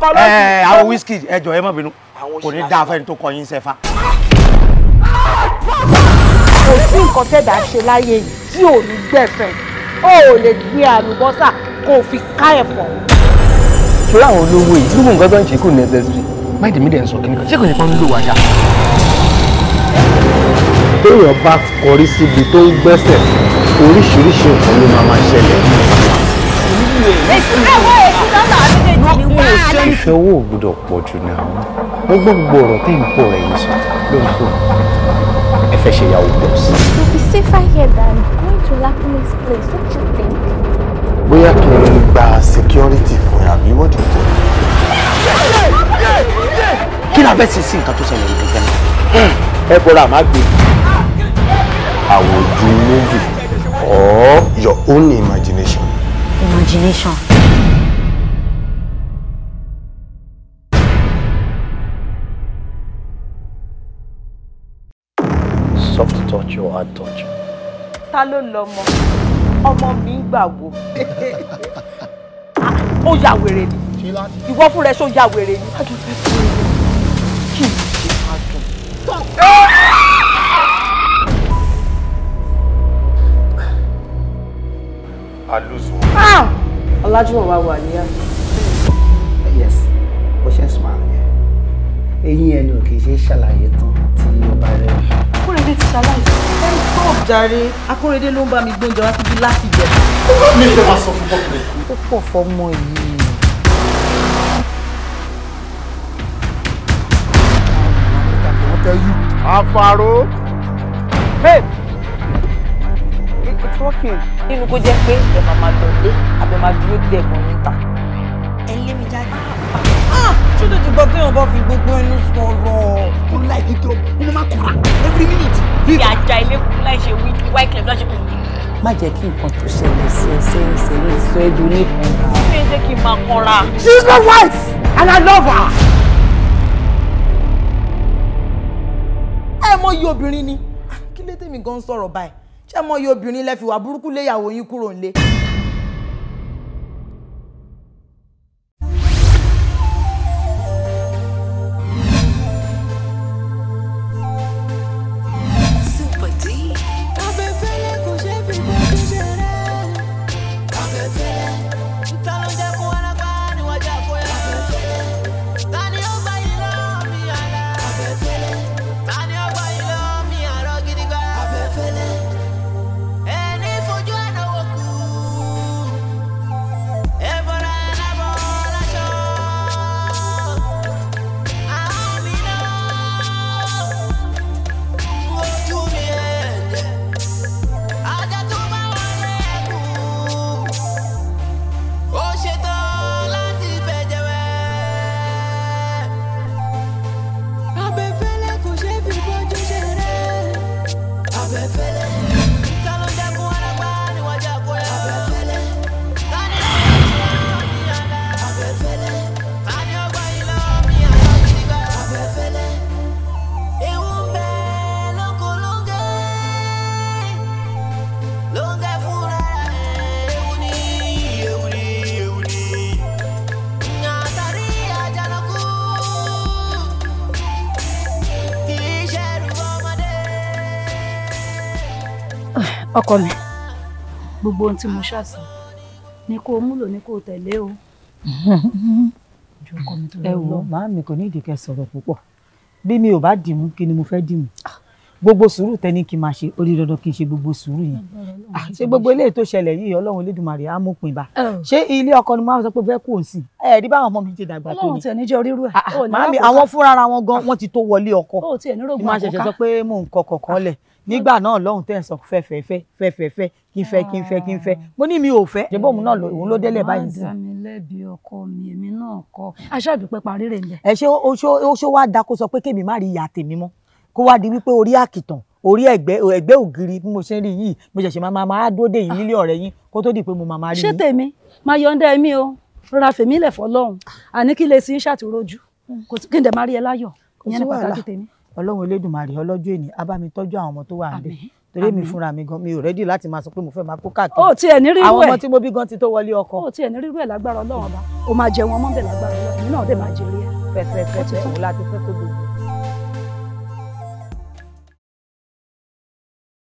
kọ lọ́sùn. Eh, eh, ẹ àwọn wíṣkì ẹjọ ẹ má bínú kò ní dáa fẹ́ni tó kọ yín sẹ́fà. kò sí nǹkan tẹ̀dá ṣe láyé yìí tí ò ní gbẹ̀fẹ̀ o ò lè gbé àlùbọ́sà kó o fi ká ẹ̀fọ́. ṣọlá àwọn olówó yìí gbogbo nǹkan tó ń ṣe kò necessary máìdì mi dẹ̀ ń sọ kíníkan ṣé kò ní pọ́n ń lò wá ṣá. téèyàn bá kọrí síbi tó ń gbẹ́sẹ̀ oríṣiríṣi nǹkan ló máa máa ṣẹlẹ̀. ẹ wọ́n bá a lẹ́nu. ìfẹ́ owó ò gbọdọ̀ pọ̀ jù náà ó gbọ́ gbogbo ọ̀rọ̀ tẹ́ ń pọ̀ ẹ̀yìn sọ lóòótọ́ ẹ fẹ́ ṣe ìyàwó pọ̀ sí. you be safer here than going to Lapinis place don't you think. bóyá kí n gba security fún ẹ àbí wọ́n ti tẹ̀. kí la bẹ́ẹ̀ sì sí nǹkan tó ṣẹlẹ̀ yìí gẹ́gẹ́ ẹ bọ́ra àmá gbé. àwòjú movie or your own imagination. imagination. soft touch or hard touch. ta ló lọmọ ọmọ mi ń gbàgbó ó ya wèrè ni ìwọ fún rẹ ṣó ya wèrè ni. I lose one. Ah, mi kí wa wà Yes, ó ṣe smile yẹn. Eyín ẹnu kì í ṣe ṣàlàyé ni ọba rẹ. akórèdé ti ṣaláìsí. ẹ ń tọ́ ọ̀jàre akórèdé ló ń bá mi gbóúnjẹ wá síbi láti jẹ. mi fẹ́ máa sọ fún bọ́ọ̀lù. ó pọ̀ fọmọ yìí. Afaro. Hey! It's working. Nínú kó jẹ́ pé ẹ̀ máa máa lọ àbẹ̀ máa dúró dẹ̀ mọ́ níta ṣé ló ti gbọ́ pé wọn bá fi gbogbo ẹnu sọ̀rọ̀ ó láì kí tó inú má kura every minute. bí àjà ilé kú láì ṣe wí kí wáì kìlẹ̀ lọ́sẹ̀ kùn mí. má jẹ́ kí nǹkan tó ṣẹlẹ̀ sí ẹ sẹ́yìn sẹ́yìn sọ ẹ́ dùn ní. ó fẹ́ jẹ́ kí n máa kọ́ra. she is my wife and I love her. ẹ mọ iye obìnrin ni kí lé tèmi gan sọ̀rọ̀ báyìí ṣé mọ iye obìnrin lẹ fi wà burúkú léyàwó yín kúrò nílé. ọkọ mi gbogbo ohun tí mo ṣàṣì ni kò múlò ni kò tẹ̀lé o. ẹ wo màámi kò ní ìdíkẹ́ sọ̀rọ̀ púpọ̀ bí mi ò bá dìmú kí ni mo fẹ́ dìmú gbogbo sùúrù tẹni kí n máa ṣe ó di dandan kí n ṣe gbogbo sùúrù yẹn ah, ṣé gbogbo eléyìí tó ṣẹlẹ̀ yìí Ọlọ́run Elédùmarè á mú pin bá ṣé ilé ọkọ ni máa sọ pé fẹ́ kú òun sí ẹ báwọn ọmọ mi ti dàgbà tó ní Ọlọ́run tẹ níjọ rírú ẹ màámi àwọn fúnra ara wọn gan wọn ti tó wọlé ọkọ ní máa ṣẹ̀ṣẹ̀ sọ pé mò ń kọkọ kan lẹ nígbà náà lọ́hùn tẹ́ ẹ̀ sọ fẹ́fẹ́fẹ́ fẹ́fẹ́fẹ́ kí n fẹ́ kí n fẹ́ kí n fẹ́ mo ní mi ò fẹ́ ṣe bóun náà òun ló délẹ̀ báyìí dùn. wọ́n sàmì lẹ́bi ọkọ mi èmi náà kọ́ aṣáàdùpẹ́ parí rẹ̀ ńlẹ̀. ẹ ṣé ó ṣó wá da kó sọ pé kémi má rí ìyá tèmi mọ́ kó wá di wípé orí àkìtàn orí ẹgbẹ́ ẹgbẹ́ ògiri bí mo ṣe ń rí yìí mo ṣẹ̀ṣẹ̀ máa máa dúró dé yìí nílé ọ̀rẹ́ yín kó tó di pé mo máa rí yín. ṣé tèmi máa yọ̀ǹda ọlọ́run elédùnmarè ọlọ́jọ́ èní á bá mi tọ́jú àwọn ọmọ tó wà níbẹ̀ torí èmi fúnra mi gan mi ò rẹ́dí láti máa sọ pé mo fẹ́ máa kó káàkiri ó tiẹ̀ ní rírú ẹ̀ àwọn ọmọ tí mo bí gan ti tó wọlé ọkọ ó tiẹ̀ ní rírú ẹ̀ lágbára ọlọ́run ọba ó máa jẹ wọn mọ́ bẹ́ẹ̀ lágbára ọlọ́run èmi náà dẹ̀ máa jẹ rí ẹ̀ pẹ́pẹ́pẹ́ òun láti fẹ́ kó gbogbo.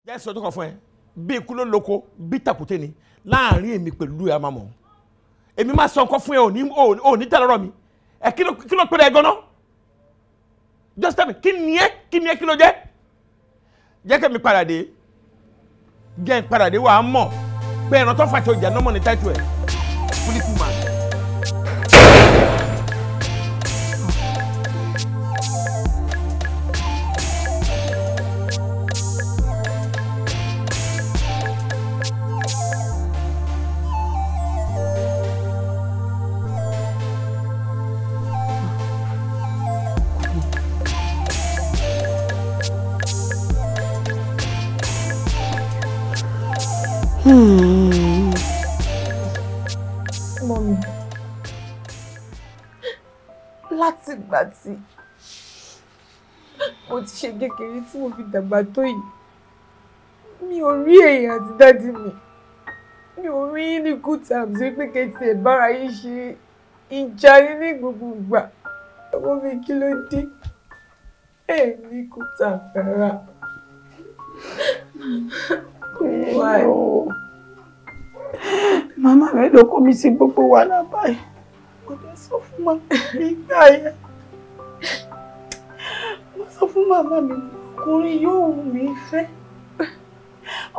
jẹ́ sọ tó kàn fún ẹ bí ikú ló loko bí tàkùté ni láàrin èmi pẹ̀lú ẹ̀ máa mọ̀ èmi máa sọ nǹkan fún ẹ òní tẹ̀lọ́rọ̀ mi ẹ kí ló pẹ́ just tell me kí ni ẹ kí ni ẹ kí ló jẹ́ jẹ́ kẹ́mi padà dé jẹ́ ìpadà dé pé ẹran tó fàṣọ ìjà náà ní táìtù ẹ̀. àǹtí mo ti ṣe kékeré tí mo fi dàgbà tó yìí mi ò rí èèyàn àti dádì mi mi ò rí ní good times wípé kẹtì ẹ̀ bára yín ṣe ìjà yín ní gbogbo ìgbà ọmọ mi kí ló dé ẹ̀ ní good times rárá. Màmá rẹ̀ ló kó mi sí gbogbo wàhálà báyìí. Mo dẹ̀ sọ fún màmá mi yẹn sọ fún màmá mi ọkùnrin yóò wù mí fẹ́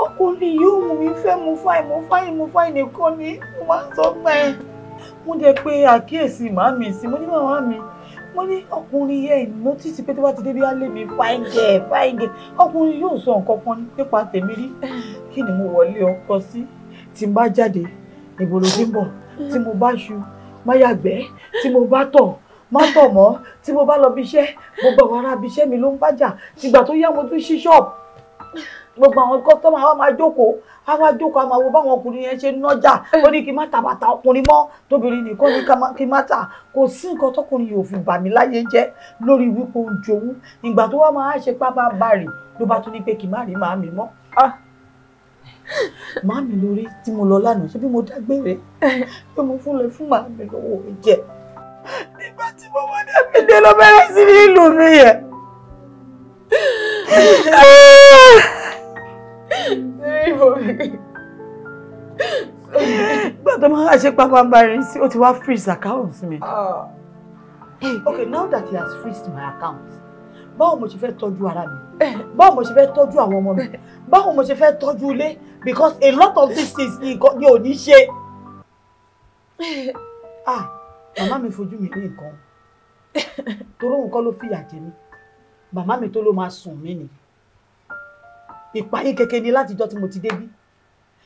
ọkùnrin yóò wù mí fẹ́ mo fáì mo fáì mo fáì nìkan ni mo máa ń sọ pé mo dẹ̀ pé àkíyèsí màmí sí mo ní màmá mi mo ní ọkùnrin yẹn ìnótìsí pé tó bá ti débi á lé mi fáìngẹ fáìngẹ ọkùnrin yóò sọ nǹkan kan nípa tèmi rí kí ni mo wọlé ọkọ sí tí n bá jáde ìbòlódé ń bọ̀ tí mo bá ṣu má yàgbẹ́ tí mo bá tọ̀ má bọ̀ mọ́ tí mo bá lọ bí iṣẹ́ gbogbo àwọn ará bí iṣẹ́ mi ló ń bájà tìgbà tó yá mo tún ṣí ṣọ́ọ̀bù gbogbo àwọn kọ́tọ́mà wa máa jókòó a wá jókòó a máa wo báwọn ọkùnrin yẹn ṣe ń nọ́jà ó ní kí n má ta bàtà ọkùnrin mọ́ tóbìnrin nìkan ní kí n má ta kò sí nǹkan tọkùnrin yóò fi bà mí láyé jẹ́ lórí wípé ó ń jowú ìgbà tó wá máa ṣe pápá bá ló bá tún ní pé kí n má rí màámi mọ́ ah! màámi lórí tí mo lọ lánàá ṣé bí mo dágbére pé mo fún lè fún màámi lówó jẹ ìgbà tí mo wọ́n dẹ́bi dé ló bẹ̀rẹ̀ sí ní ìlú mi yẹn. Gbọ́dọ̀ tó máa ṣe pàpàǹbarì sí ó ti wá freeze account mi. Ah. Okay, now that he has freeze my account, báwo mo ṣe fẹ́ tọ́jú ara mi? Báwo mo ṣe fẹ́ tọ́jú àwọn ọmọ mi? Báwo mo ṣe fẹ́ tọ́jú ilé? Because a lot of these things ni ò ní ṣe. Ah! màmá mi fojú mi ní nǹkan torí òun kọ́ ló fìyà jẹ mí màmá mi tó ló máa sùn mí ni ìpayín kékeré ni látijọ́ tí mo ti débí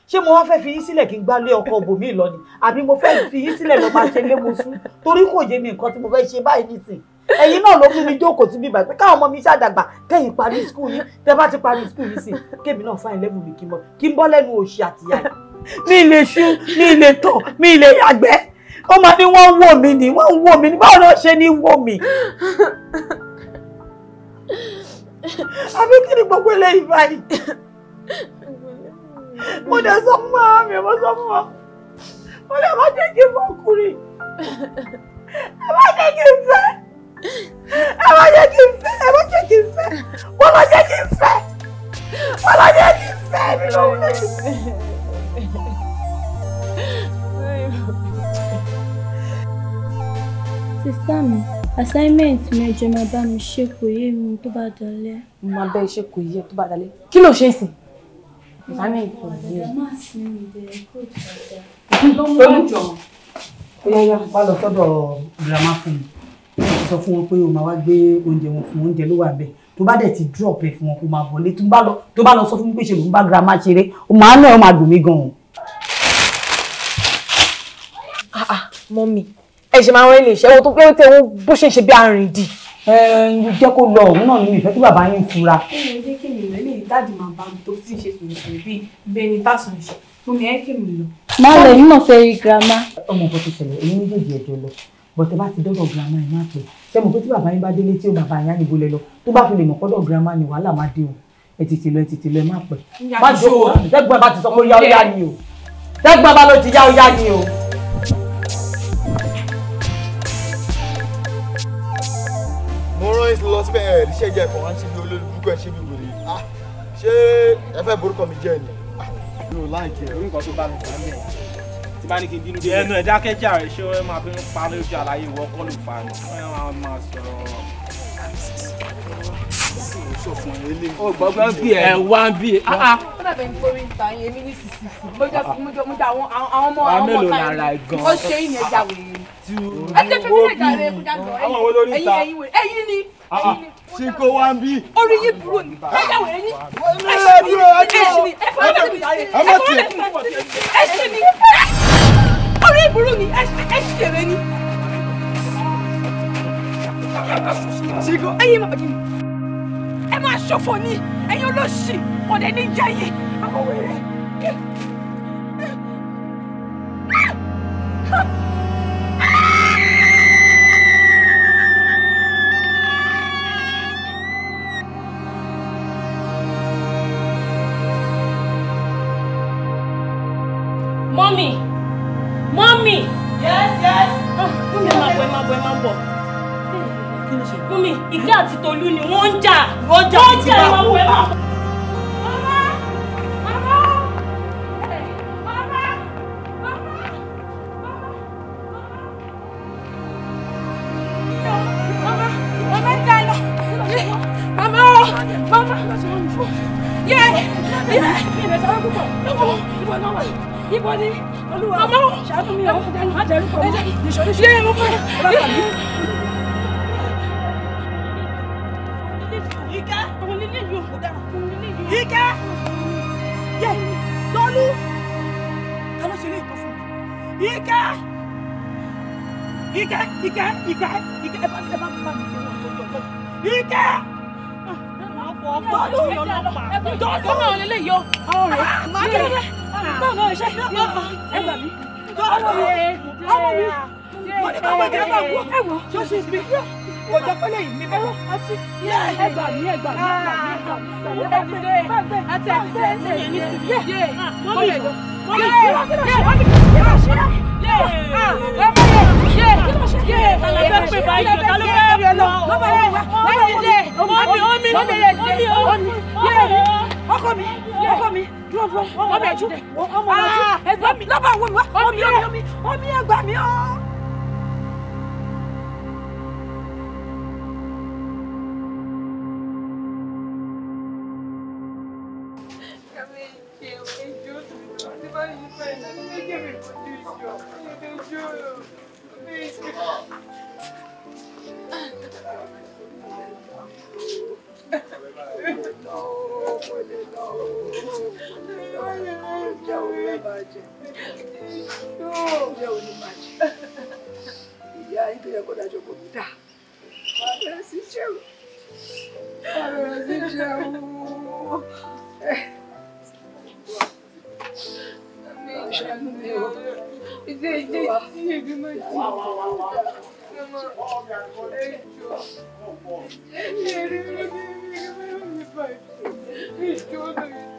ṣé mo wá fẹ́ fi yín sílẹ̀ kí n gbá lé ọkọ òbòmí lọ ni àbí mo fẹ́ fi yín sílẹ̀ lọ máa ṣe lé mo sún torí kò yé mi nǹkan tí mo fẹ́ ṣe báyìí nísìn ẹ̀yin náà ló mú mi jókòó síbí báyìí pé káwọn ọmọ mi ṣàdàgbà kẹ́yìn parí skul yín tẹ́ bá ti parí skul yín sí kémi náà fáyín lẹ́bùn mi kí n bọ́ lẹ́nu òṣì àtìyá mi lè ṣú mi lè tọ̀ mi lè yàgbẹ́ ó máa ní wọ́n ń wò mí ni wọ́n ń wò mí ni báwo ni wọ́n ṣe ní wò mí. àbí kí ni gbogbo eléyìí báyìí. mo dẹ̀ sọ fún màmá mi mo sọ fún wọn mo dẹ̀ má jẹ́ kí n fọkùnrin ẹ má jẹ́ kí n fẹ́ ẹ má jẹ́ kí n fẹ́ ẹ má jẹ́ kí n fẹ́ wọ́n má jẹ́ kí n fẹ́ wọ́n má jẹ́ kí n fẹ́ mi lọ́wọ́ sísá mi assignment mẹ́jọ máa bá mi ṣe kò yé mi tó bá dalẹ̀. mo máa bẹ iṣẹ́ kò yé tó bá dalẹ̀ kí ló ṣe é sìn. assignment kò yé. lójọ ó yá yá wá lọ sọ́dọ̀ girama fún mi mo sọ fún wọn pé o máa wá gbé oúnjẹ wọn fún oúnjẹ ló wà bẹ́ẹ̀ tó bá dẹ̀ ti drop ẹ̀ fún wọn kó máa bọ̀ lé tó bá lọ sọ fún mi pé ṣe lòun bá girama ṣeré o máa ń náà máa dùn mí gan-an. Ah, ah, mọ́mì ẹ ṣe máa ń rẹ́ lè ṣẹ́wó tó pé tẹ wọn bó ṣe ń ṣe bí arìn dì. ẹ jẹ́ kó lọ òun náà ní ìfẹ́ tí bàbá yín fura. kí mi lọ ilé ìdájì máa bá mi tó sì ṣe sòròsòrò bíi bẹni tásùn ṣe fún mi ẹ kí mi lọ. má lọ èmi náà fẹ́ girama. ọmọ bó ṣẹlẹ̀ èyí méjèèjì ẹ̀jọ̀ lọ bọ̀tẹ́ bá ti dọ́dọ̀ girama ẹ̀ máa pẹ́ ṣé mo tí bàbá yín bá délé tí ó bàbá yín á níbo lẹ lọ tó bá fi lè mọ̀ kọ́dọ̀ girama ni wàhálà má dé o ẹ yín lọ síbẹ̀ ẹ̀ ṣe jẹ́ ẹ̀kọ́ wá ń ṣe bí olórí púpọ̀ ṣe bí wèrè ṣé ẹ fẹ́ borúkọ mi jẹ́ ni. mi ò láì jẹ nǹkan tó bá mi kàn mí tí bá ní kí n bínú dé. ẹnu ẹ̀ dákẹ́jà rẹ̀ ṣé wọ́n máa fi ń pa lójú àlàyé ìwọ́kọ́ ló fa ni wọ́n máa sọ̀rọ̀ sọ fún ẹ lé. ọgbọgbọ bí ẹ wá bí ẹ. Ah, ah. ó dàbẹ̀ ní orí ìta yẹn mi ní sisi mo jẹ àwọn ọmọ àwọn ọmọ kan ó ṣe ìyẹn jà wèrè. ẹ jẹ́ fẹ́ mi lè jà rẹ̀ kúta jọ ẹ̀yin ẹ̀yin ni. Sinko wa n bi. Orí yìí burú ni. Ẹ jẹ́ wèrè Ẹ ṣe mi. Ẹ ṣe mi. Ẹ fọwọ́ mi. Ẹ fọwọ́ mi. Ẹ ṣe mi. Orí yìí burú ni. Ẹ ṣe rẹ̀ ni. Sinko. Ẹyin bàbá kí ni ẹ máa ni ẹ̀yin olóṣì ọ̀dẹ ní jẹ́yìn àwọn wèrè. Mommy! Mommy! Yes, yes! Ah, Mummy, ẹ máa bọ̀, ẹ máa bọ̀, ẹ bọ̀. Mummy, ìgbà àti Tolú ni wọ́n. bá sàbí. Ike. Ike. Yẹ Tọ́lú. Ta ló ṣe lè tọ́ fún mi? Ike. Ike Ike Ike Ike ẹ bá mi ẹ bá mi bá mi gbé wọn lórí ọ̀tọ̀. Ike. Tọ́lú. Tọ́lú. Ọmọ òun lélẹ́yìí o. Ọ̀rọ̀ rẹ̀. Máa kí ló dé? Tọ́lú ọ̀ṣẹ́. Ẹ gbà mí. Tọ́lú ọmọ ìjà máa wọ ẹwọ tó ṣe bí kò jọ mi bẹ̀rẹ̀ ah, àti mi ẹgbà mi mi ẹgbà mi mi àti ẹgbà mi ẹyẹ ní ti yé mọ mi lọ mọ mi lọ mọ mi lọ ṣe yé ọmọ yẹ yé kí ló ṣe yé ọlọpẹ pé báyìí ọ̀tá ló ọmọ yẹ ọmọ ọmọ mi mi ọkọ mi mi ọmọ mi mi ọmọ mi mi ọmọ mi mi I'm not dájọ́ kò ní dà ọ̀rẹ́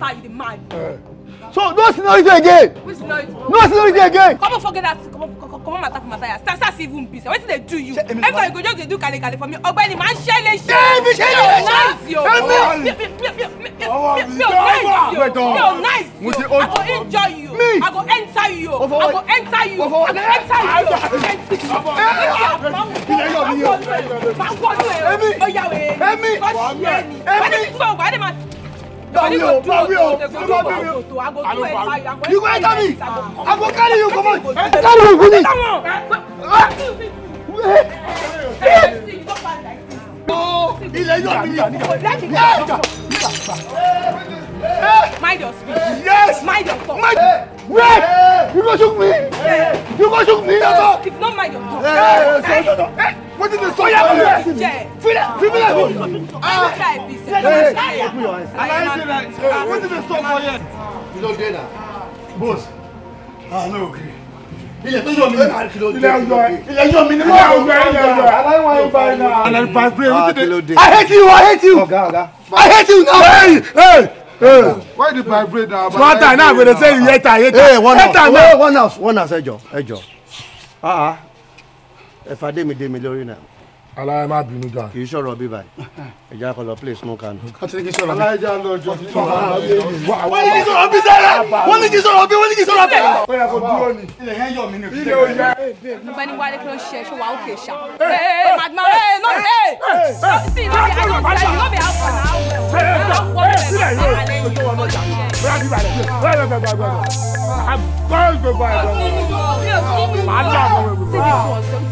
enter you dey mad. Eh. so no seniority again. which seniority. no seniority again. Come on, forget that Come on, comot matter for matter start start see even What did they do you. everybody go just dey do kalekale for me Oh, the man, Nice, yo. ọ̀gbẹ́ni máa ń ṣe é léṣe. èmi ṣe é léṣe èmi ò mi ò nice yo mi ò nice yo i go injure you i go enter you i go enter you i go enter you enter you. ilé yọ̀ mi yọ̀. èmi èmi èmi wọ́n ní tí wọ́n wà á dé máa. Bawi o, bawi o, you go be me. You go enter me. I go carry you come on. Carry you come on. Ilé yóò bí yà nígbà. Mind your speech. Yes. Mind your talk. Mind. Wait! You go shoot me! You go shoot me! If not mind your talk. Hey, so, so, so. Hey, what is this? Oh, yeah, feel it! Feel it! Ah! Hey, open your eyes. I ain't doing that. What is this talk for yet? You don't get that. Boss. Ah, no, okay. ilẹ̀ tó yọ mi náà ah, kí ló dé ilẹ̀ yọ ilẹ̀ yọ mi náà ilẹ̀ yọ ilẹ̀ yọ aláìwá yóò bá yẹn náà. I hate you I hate you I hate you now. Hey, hey why the vibrate na. swata náà gbèdè sẹ́yìn yẹta yẹta yẹta náà. one house one house ẹjọ ẹjọ ah, ah. ẹfà dé mi dé mi lórí náà aláyé má bínú jà. kì í sọ̀rọ̀ bí báyìí ẹja kọ lọ place smoke and. aláyé jà lọ jọ ti tọ́ ara bí. wọ́n ní kí sọ̀rọ̀ bí sẹ́rẹ̀ wọ́n ní kí sọ̀rọ̀ bí wọ́n ní kí sọ̀rọ̀ bí. ó yẹ kó dúró ni. ilé yẹn yọ mí ni. ilé o yẹ. bẹ́ẹ̀ ni wálé kí ló ṣe ṣé wà ó ṣá. ee madama ee no ee sí no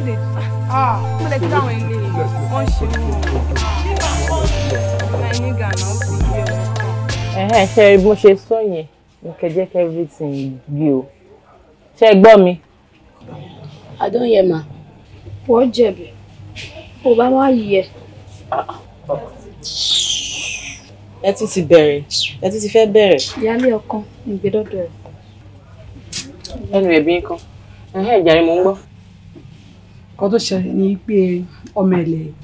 be Ah, wọ́n ṣe wọn ẹ̀yin gànà ó ti yé wọn. ṣe rí bó ṣe sọ yẹn mo kẹjẹ kẹ everything gbé o ṣe gbọ́ mi. adóyẹmà wọ́n jẹ̀bi kò bá má yẹ. ẹ tún ti bẹ̀rẹ̀ ẹ tún ti fẹ́ bẹ̀rẹ̀. ìyáálé ọkàn ìgbẹ́dọ̀dọ̀ ẹ̀. ẹnu ẹ̀bí kan ẹ̀hẹ́ ìjà rẹ̀ mò ń gbọ́. nǹkan tó ṣẹlẹ̀ ni pé ọmọ ẹ̀lẹ́yìn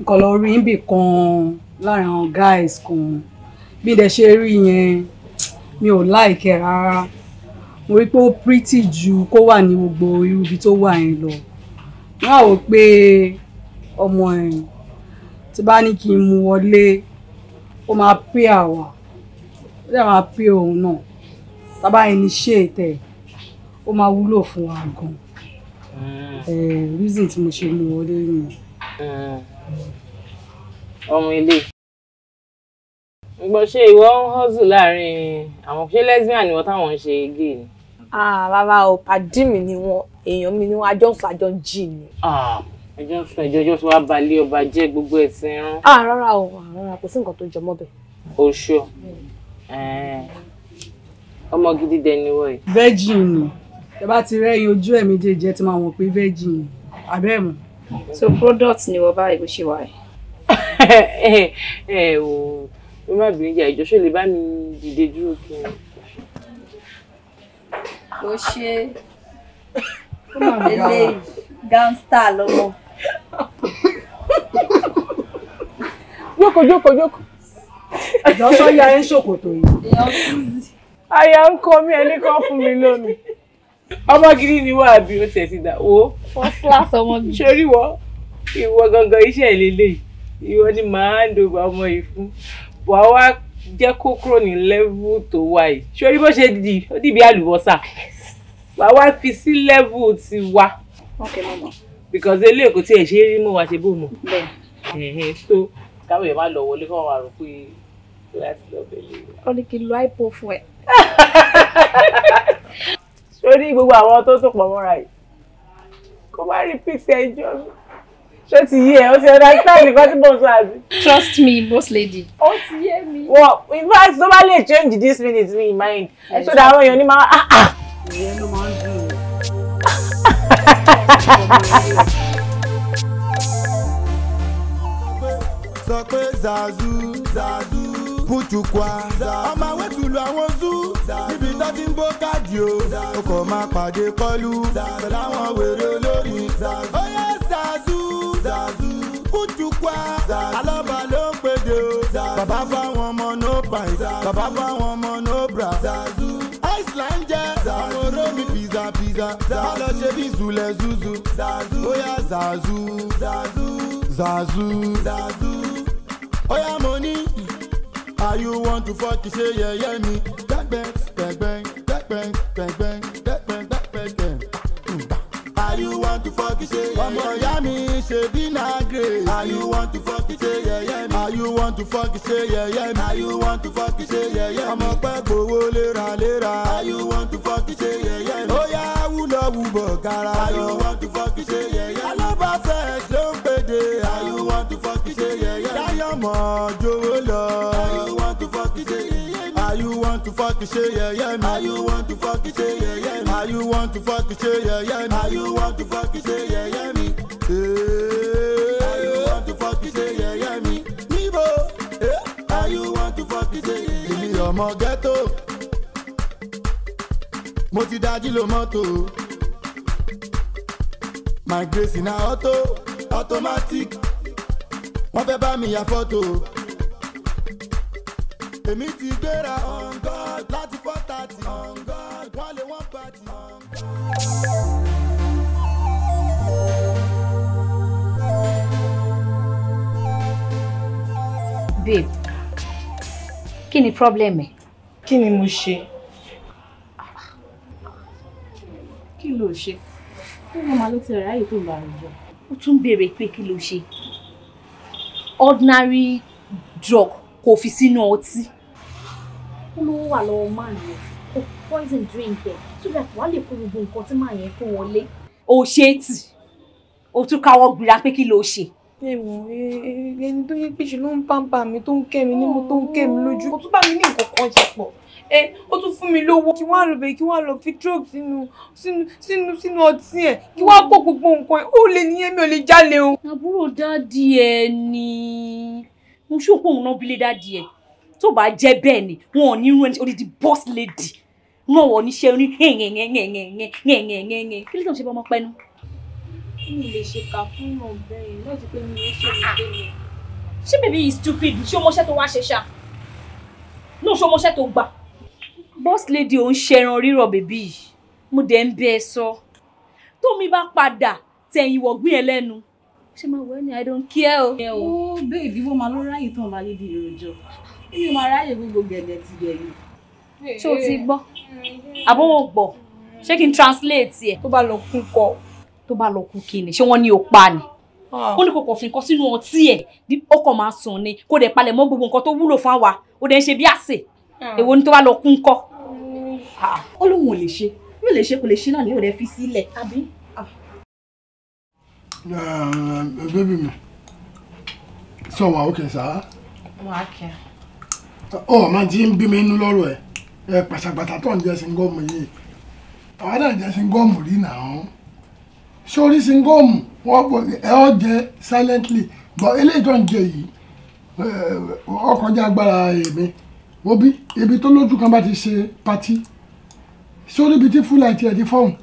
nǹkan lọ rí níbì kan lára àwọn guys kan bí dẹ̀ ṣe rí yẹn mi ò láìkẹ́ rárá mo rí pé ó pretty ju kó wà ní gbogbo irú ibi tó wà yẹn lọ wọ́n á wò pé ọmọ ẹ̀ tí bá ní kí n mú wọlé ó máa pè àwà ó dẹ̀ máa pè òun náà tábà yẹn ní ṣé tẹ̀ ó máa wúlò fún wa gan-an hmm. reason tí mo ṣe mú wọlé nìyẹn. Hmm. ọmọ ilé gbọ́ ṣé ìwọ ń hustle láàrin àwọn ṣé lesbian ni wọ́n táwọn ń ṣe gay ni. rárá o pàdí mi ni wọn èèyàn mi ni wọn àjọ ń sọ àjọ ń jì ni. ẹjọ́ ń sọ ẹjọ́ ẹjọ́ tí wàá balẹ̀ ọba jẹ́ gbogbo ẹ̀ ti rán. rárá o rárá kò sí nǹkan tó jọ mọ́ bẹ́ẹ̀. oṣù ọmọ gidi dẹ ni wọ́n virgin ni tẹ bá ti rẹ́yìn ojú ẹ̀ méjèèjì ẹ ti máa wọ̀ pé virgin abẹ́ẹ̀mù so product ni wọ́n báyìí bó ṣe wà yìí. ẹ ẹ eh, eh, o mo má bìrì ìjà ìjọṣẹ́ lè bá mi dìde dúró kí n. mo ṣe ilé gangster joko jókòó jókòó jókòó. ìjọsọ ya ẹ ń ṣòkòtò yìí. àyà ń kọ mí ẹni kan fún mi lónìí ọmọ gidi ni wọ́n àbí ó tẹ̀ sí dà wo. first class ọmọ gidi. sori wọ ìwọ gangan iṣẹ́ ìlélẹ̀ ìwọ ni màá ń dògbà ọmọ yìí fún wàá wá jẹ́ kó kúrò ní lẹ́vù tó wà yìí sori bó ṣe di ó dìbí àlùbọ́sà wàá wá fi sí lẹ́vù ti wa. ok mama. because eléyìí kò ṣe é rí mọ́ wa ṣe bó mọ́. bẹ́ẹ̀. so káwọn èèyàn má lọ wọlé kọ́ wọn àrò pé láti lọ bẹ̀lẹ̀. ó ní kí n lo ipo fún ẹ. sórí gbogbo àwọn tó tún pọ̀ mọ́ra yìí kó má rí píksẹ̀ ìjọ mi ṣé ti yé ẹ o ti understand nǹkan tí mo sọ àbí. trust me boss lady. ó ti yé mi. well in fact tó bá lè change this minute in mind so that àwọn èèyàn ní máa ah ah. ìyẹn ló máa ń dùn. sọ pé zazu zazu. Òbútùkùà ọmọ awétùlù àwọn zoo níbi tó ti ń bó káàdì o o kò máa pàdé kọlu pẹ̀lú àwọn wèrè olórí ó yẹ zazu Òbútùkùà alọ́ba ló ń pèdè o bàbá fáwọn ọmọ no pint bàbá fáwọn ọmọ no bra iceland jẹ àwọn olómi pizza pizza má lọ ṣe bí zulẹ̀ zuzu ó yẹ zazu zazu zazu ó yẹ mo ní. Are you want to fuck you say yeah yeah me? That bang, that bang, that bang, that bang, that bang, that bang, bang. Mm-hmm. Are you want to fuck you say yeah yeah me? Ọmọ mi ṣe bí na grey. Are you want to fuck you say yeah yeah me? Are you want to fuck you say yeah yeah me? Are you want to fuck you say yeah yeah me? I'm Ọmọ pẹ́ gbowó léra léra. Are you want to fuck you say yeah yeah me? Oh yeah, wúlọ̀ wù bọ̀ gara lọ. Are you want to fuck you say yeah yeah me? Love Alábàáfẹ́ sex, ń pèdè. Are you want to fuck you say yeah yeah me? Dáyọ̀ mọ̀ joy. want to fuck say yeah, yeah, me. How you want to fuck say yeah, yeah, me. How you want to fuck say yeah, yeah, me. How you want to fuck say yeah, yeah, me. Eh. How you want to fuck shit, yeah, yeah, me. Me, bro. Eh? How you want to fuck shit, me. Èmi ọmọ ghetto. Mo ti dájú lo mọ́tò. My grace na auto automatic. Wọ́n fẹ́ bá mi ya fọ́tò èmi ti gbéra on láti four thirty on God wọ́n lé wọ́n pàtì babe kí ni problem ẹ. kí ni mo ṣe. kí ló ṣe fún ọmọ ló ti rẹ̀ ráyè tó ń bá ó tún béèrè pé kí ló ṣe ordinary drug kò fi sínú ọtí polówó wà lọ́wọ́ máa yẹn kò poison drink ẹ̀ so that wàá lè kó gbogbo nǹkan tí máa yẹn kó wọlé. o ṣe é tì o tún káwọ́ gbìra pé kí ló ṣe. ewu ẹni tó yẹ pé ṣe ló ń pàǹpà mi tó ń kẹ́ mi nímú tó ń kẹ́ mi lójú kò tún bá mi ní nǹkan kan ṣe pọ̀ ẹ ó tún fún mi lówó kí wọ́n á lọ bẹ̀ kí wọ́n á lọ fi drug sínú sínú sínú sínú ọtí ẹ̀ kí wọ́n á kó gbogbo nǹkan ẹ̀ ó lè níyẹn mi ò lè jálè o. àbúrò dáàdi ẹ ni mo ṣòpò òun náà bílé dáàdi ẹ tó bá jẹ́ bẹ́ẹ̀ ni wọn ò ní rún ẹni odidi boss lady wọn ò ní ṣe ní yẹ̀yẹ̀yẹ̀yẹ̀yẹ̀yẹ̀yẹ̀yẹ̀ kí ló tó ń ṣe bọ́ ọmọ pẹ́nu. mi lè ṣe kà fún wọn bẹ́ẹ̀ náà ti pé mi ò ṣe mi dé mi. ṣé bèbí yìí stupid ṣé o mọṣẹ́ tó wá ṣe ṣá náà ṣé o mọṣẹ́ tó gbà. boss lady ò ń ṣẹran rírọ̀ bèbí yìí mo dẹ̀ ń bẹ ẹ sọ tómi bá padà tẹ̀yìn wọ̀gbìn ẹ lẹ́nu ṣé máa wọ ẹni i don't care o. ó bẹ́ẹ̀ bí wọ́n máa lọ ráyè tán lálẹ́ bí ìròjọ́ mi ò máa ráyè gbogbo gẹ̀lẹ́ ti gẹ̀lẹ́. ṣé o ti gbọ́ mm, àbówò gbọ́ ṣé kí n translate ẹ̀ tó bá lọ kú kọ tó bá lọ kú kí ni ṣé wọ́n ní o pa ni ah. ó ní kò kọ̀ fi nǹkan sínú ọtí ẹ̀ ó kàn máa sùn ni kó dẹ̀ palẹ̀ mọ́ gbogbo nǹkan tó wúlò fún wa ó dẹ̀ ń ṣe bí àsè ah. èwo ni tó bá lọ kú kọ́. Mm. Ah. ó lóun ò lè ṣe yóò lè ṣe kò lè ṣe náà ni yóò dẹ̀ fi sílẹ̀ àbí. Eh, bébì mi sọ wà ókè sáà. wà á kẹ́ ẹ ọ máa ti ń bí mi inú lọ́rọ̀ ẹ̀ ẹ pàṣàpàṣà tó ń jẹ ṣingọ́ọ̀mù yìí àwọn náà jẹ ṣingọ́ọ̀mù rí nà án sórí ṣingọ́ọ̀mù wọ́n bọ̀ ẹ ọ́ jẹ silently bọ̀ eléyìí tó ń jẹ yìí ọkọjá agbára èmi wo bí ibi tó lójú kan bá ti ṣe patí sórí ibi tí fúlà tiẹ̀ ti fọ́ọ̀mù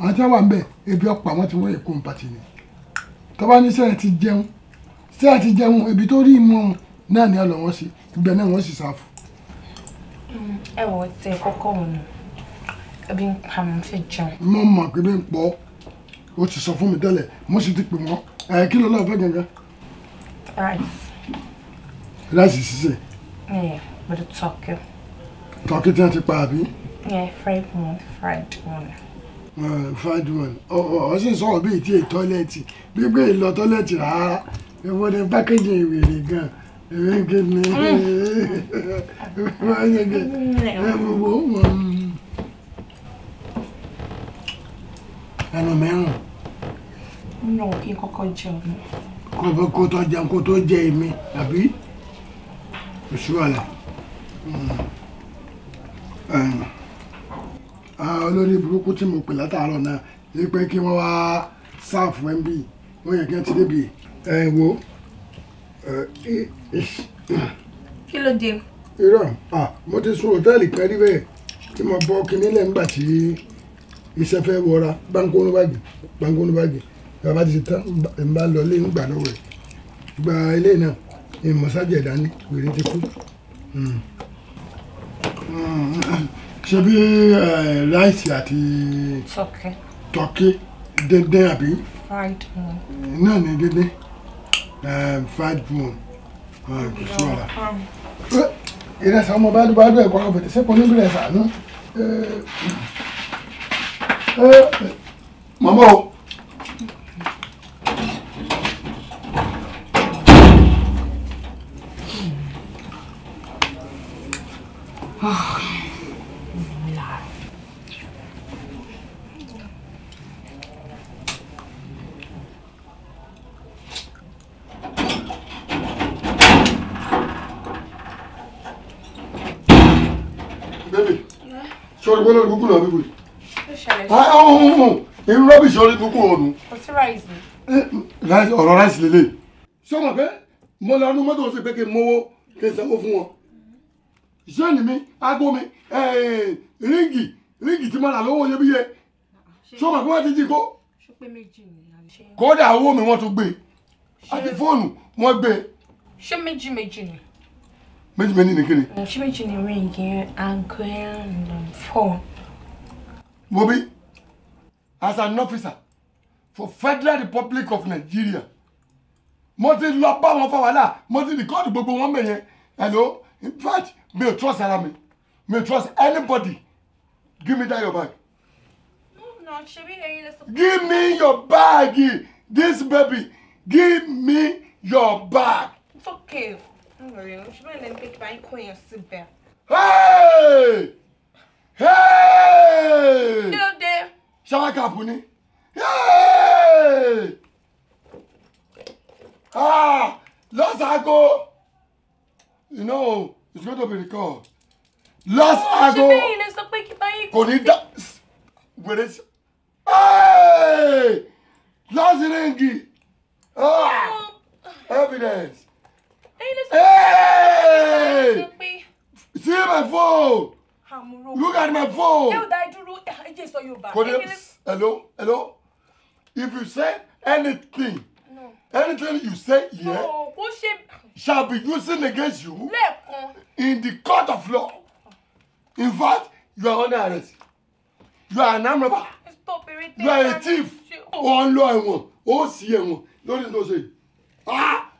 àwọn tí wọ́n wà ń bẹ̀ ebi ọ̀pọ̀ àwọn tí wọ́n èkó ń patí ni tọ́ba ní sẹ́yìn ti jẹun sẹ́yìn ti jẹun ibi tó rí ìmú ọ̀hún náà ni ọlọ wọn ṣe ibẹ̀ náà wọn sì ṣàfù. ẹ wọ tẹ kọkọ wọn nù ẹbí àmọ́ fẹ́ jẹun. mo mọ̀ pé bí n pọ̀ o ti sọ fún mi tẹ́lẹ̀ mo sì ti pè wọ́n ẹ̀ kí ló lọ́ọ́ fẹ́ gangan. rice. rice sísè. ẹ pẹ̀lú tọ́kì. tọ́kì tí wọ́n ti pa àbí. ẹ fried one fried one. Uh, fried one ọ ọ sì sọ̀rọ̀ bíi tí èyí tọ́lẹ́ẹ̀tì gbígbé ìlọ tọ́lẹ́ẹ̀tì rárá ìwọ́n ní ìwé rẹ̀ gan-an ẹnu mẹ́rùn. nínú kí n kọ́kọ́ jẹun. kọ́ fẹ́ kó tó jẹun kó tó jẹ èmi àbí oṣù àlà. Hmm. olórí burúkú tí mo pè látàárọ̀ náà ni pé kí wọ́n wá sáà fún ẹ́ ń bì ó yẹ kí wọ́n ti débi ẹ̀ wò ó. Eh, kí ló dé. irọ́ mo ti sun hòtẹ́ẹ̀lì kan níbẹ̀ tí mo bọ́ kinní lẹ́yìn nígbà tí iṣẹ́ fẹ́ wọra báńkó oníbàgì báńkó oníbàgì bàbá ti ṣe tán n bá lọ lé ńgbà lọ́wọ́ rẹ̀ gba ilé náà ìmọ̀sájẹ̀ dání wèrè ti kú. Hmm. ṣe bí eh, ráìsì àti tọ́kì díndín àbí hmm. náà ni díndín. Eh, fried one ah, kò sí ọ̀la. Eh, ìrẹsì ọmọ bá dúpọ̀ adúlọ̀ ẹ̀kọ́ ọ̀bẹ̀dẹ̀ sẹ́kọ̀ọ́ níbi rẹ̀ sànú. Eh, màmá o. Oh. gbọ́ lórí kúkú náà bíbí. Ah, oh, oh, oh, irú rọ́bìṣì orí kúkú ọ̀nù. kò sí ráìsì. Eh, ọ̀rọ̀ ráìsì lélẹ̀. sọ́mọ̀ pé mo lọ ọdún mọ́tò sí pé kí n mówó kí n sanwó fún wọn. jẹ́ẹ̀nì mi aago mi eh, ríngì ríngì tí mo rà lọ́wọ́ iyebíye sọ́mọ̀ pé wọ́n ti jí kó. kódà owó mi wọ́n tún gbé àti fóònù wọ́n gbé. ṣé méjì méjì ni méjì méjì ní kíni. ṣé méjì ní ring yẹn ankle and um, four. wo bí as an officer for Federal Republic of Nigeria mo ti lọ bá wọn fa wàhálà mo ti record gbogbo wọn bẹ yẹn hello in fact mi ò trust ara mi mi ò trust anybody give me that your bag. No, give me your bag this baby give me your bag. it's okay kí ló dé. ṣáwá kàpù ni. Ah! lọ́sàgó you know it's going to be recalled. lọ́sàgó oh, kò ní dá wẹ̀rẹ̀ sí. lọ́sìrìngì evidence. Hey! see my phone look at my phone. hello hello if you say anything anything you say here shall be used against you in the court of law in fact you are under arrest you are an amraba you are a thief ò ń lọ ẹ̀wọ̀n ó sì ẹ̀wọ̀n No ní o ṣe ah.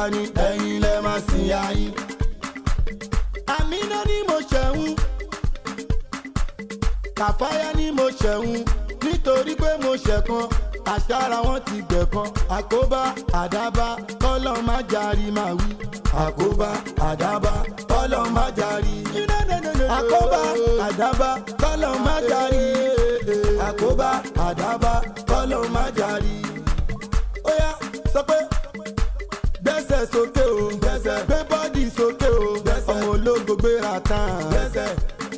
wa ni ẹ̀yin lẹ́ máa sìn ayín. àmì náà ni mo ṣẹ̀hún kàfáyà ni mo ṣẹ̀hún nítorí pé mo ṣẹ̀kan àṣàrà wọn ti gbẹ̀kan àkóbá àdábá kọ́lọ́ má jàrí máa wí. àkóbá àdábá kọ́lọ́ má jàrí. àkóbá àdábá kọ́lọ́ má jàrí. àkóbá àdábá kọ́lọ́ má jàrí. ó yá sọ pé gbẹ́sẹ̀ sókè o gbé bọ́dì sókè o ọmọ ológo gbéra tán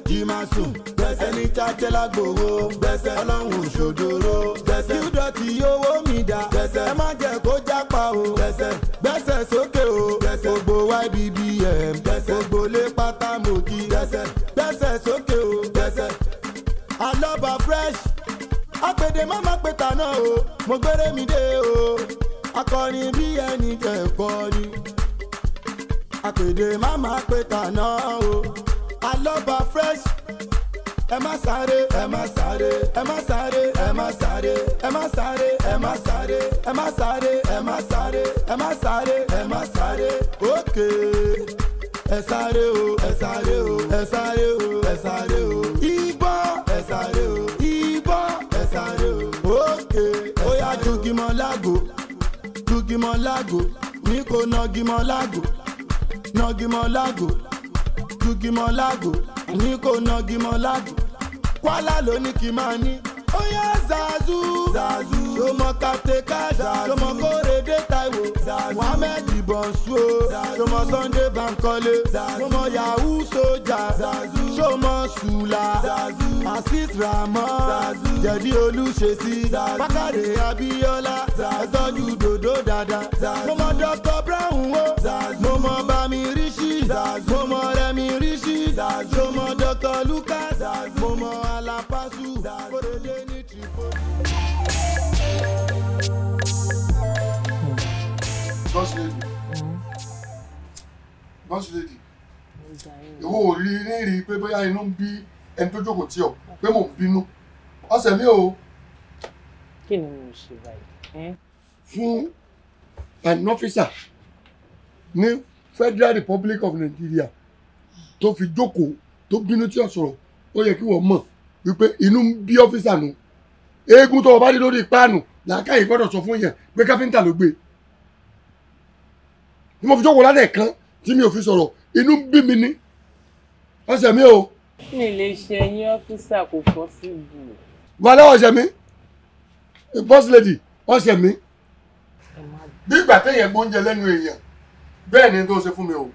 jimá sùn ẹni jáde lágbòho ọlọ́run òṣòdòrò yóò dọ̀tí owó mi dá ẹ má jẹ́ kó jápa o gbẹ́sẹ̀ sókè o gbogbo YBBM gbogbo lé pátá mòkì gbẹ́sẹ̀ sókè o alọ́ba fresh apèdè má má pè tàná o mo gbére mi dé o akọrin bí ẹni jẹ̀kọ́ ni àpèdè má máa pè tàná o alọ́ba fresh ẹ má sáré ẹ má sáré ẹ má sáré ẹ má sáré ẹ má sáré ẹ má sáré ẹ má sáré ẹ má sáré ẹ má sáré ẹ má sáré òkè ẹ sáré o ẹ sáré o ẹ sáré o ẹ sáré o. nagimọ lago mi kò nagimọ lago nagimọ lago dugimọ lago àní kò nagimọ lago kwala ló ní kí máa ní. ó yá zazu zazu ṣọmọ kateka zazu ṣọmọ kórede taiwo zazu mohammed Bonsu o ṣó mọ Sunday Bankole ṣó mọ Yahoo Soja ṣó mọ Sula Asis Ramon Jẹ̀dí Olúṣesí Bákàrè Abíọ́lá ẹ̀sọ́jú Dòdó Dada mo mọ Dr Brown o mo mọ Bami Rishi mo mọ Remi Rishi mo mọ Dr Lucas mo mọ Alapasu Kóredé ní. nọ́ọ̀sì ìwọ ò rí rírì pé bóyá inú ń bí ẹni tó jókòó tí ọ pé mò ń bínú ọ̀sẹ̀ mi ò. kí ni mo ṣe báyìí. fún an officer ní Federal Republic of Nigeria tó fi jókòó tó bínú tí ò sọ̀rọ̀ ó yẹ kí wọ́n mọ̀ wípé inú ń bí ọ́físà nù eégún tó o bá rí lórí páànù làákàyè gbọ́dọ̀ sọ fún yẹn pé káfíńtà ló gbé ni mo fi jókòó lálẹ́ kan tí mi ò fi sọ̀rọ̀ inú bí mi ní ọ̀sẹ̀ mi o. mi lè ṣe ẹyin ọ́fíìsà kò fọ́ sí ibù. wàá lẹ́wọ̀ ọ̀sẹ̀ mi boss lady ọ̀sẹ̀ mi bí ìgbà téèyàn gbóúnjẹ lẹ́nu èèyàn bẹ́ẹ̀ ni tó ṣe fún mi o.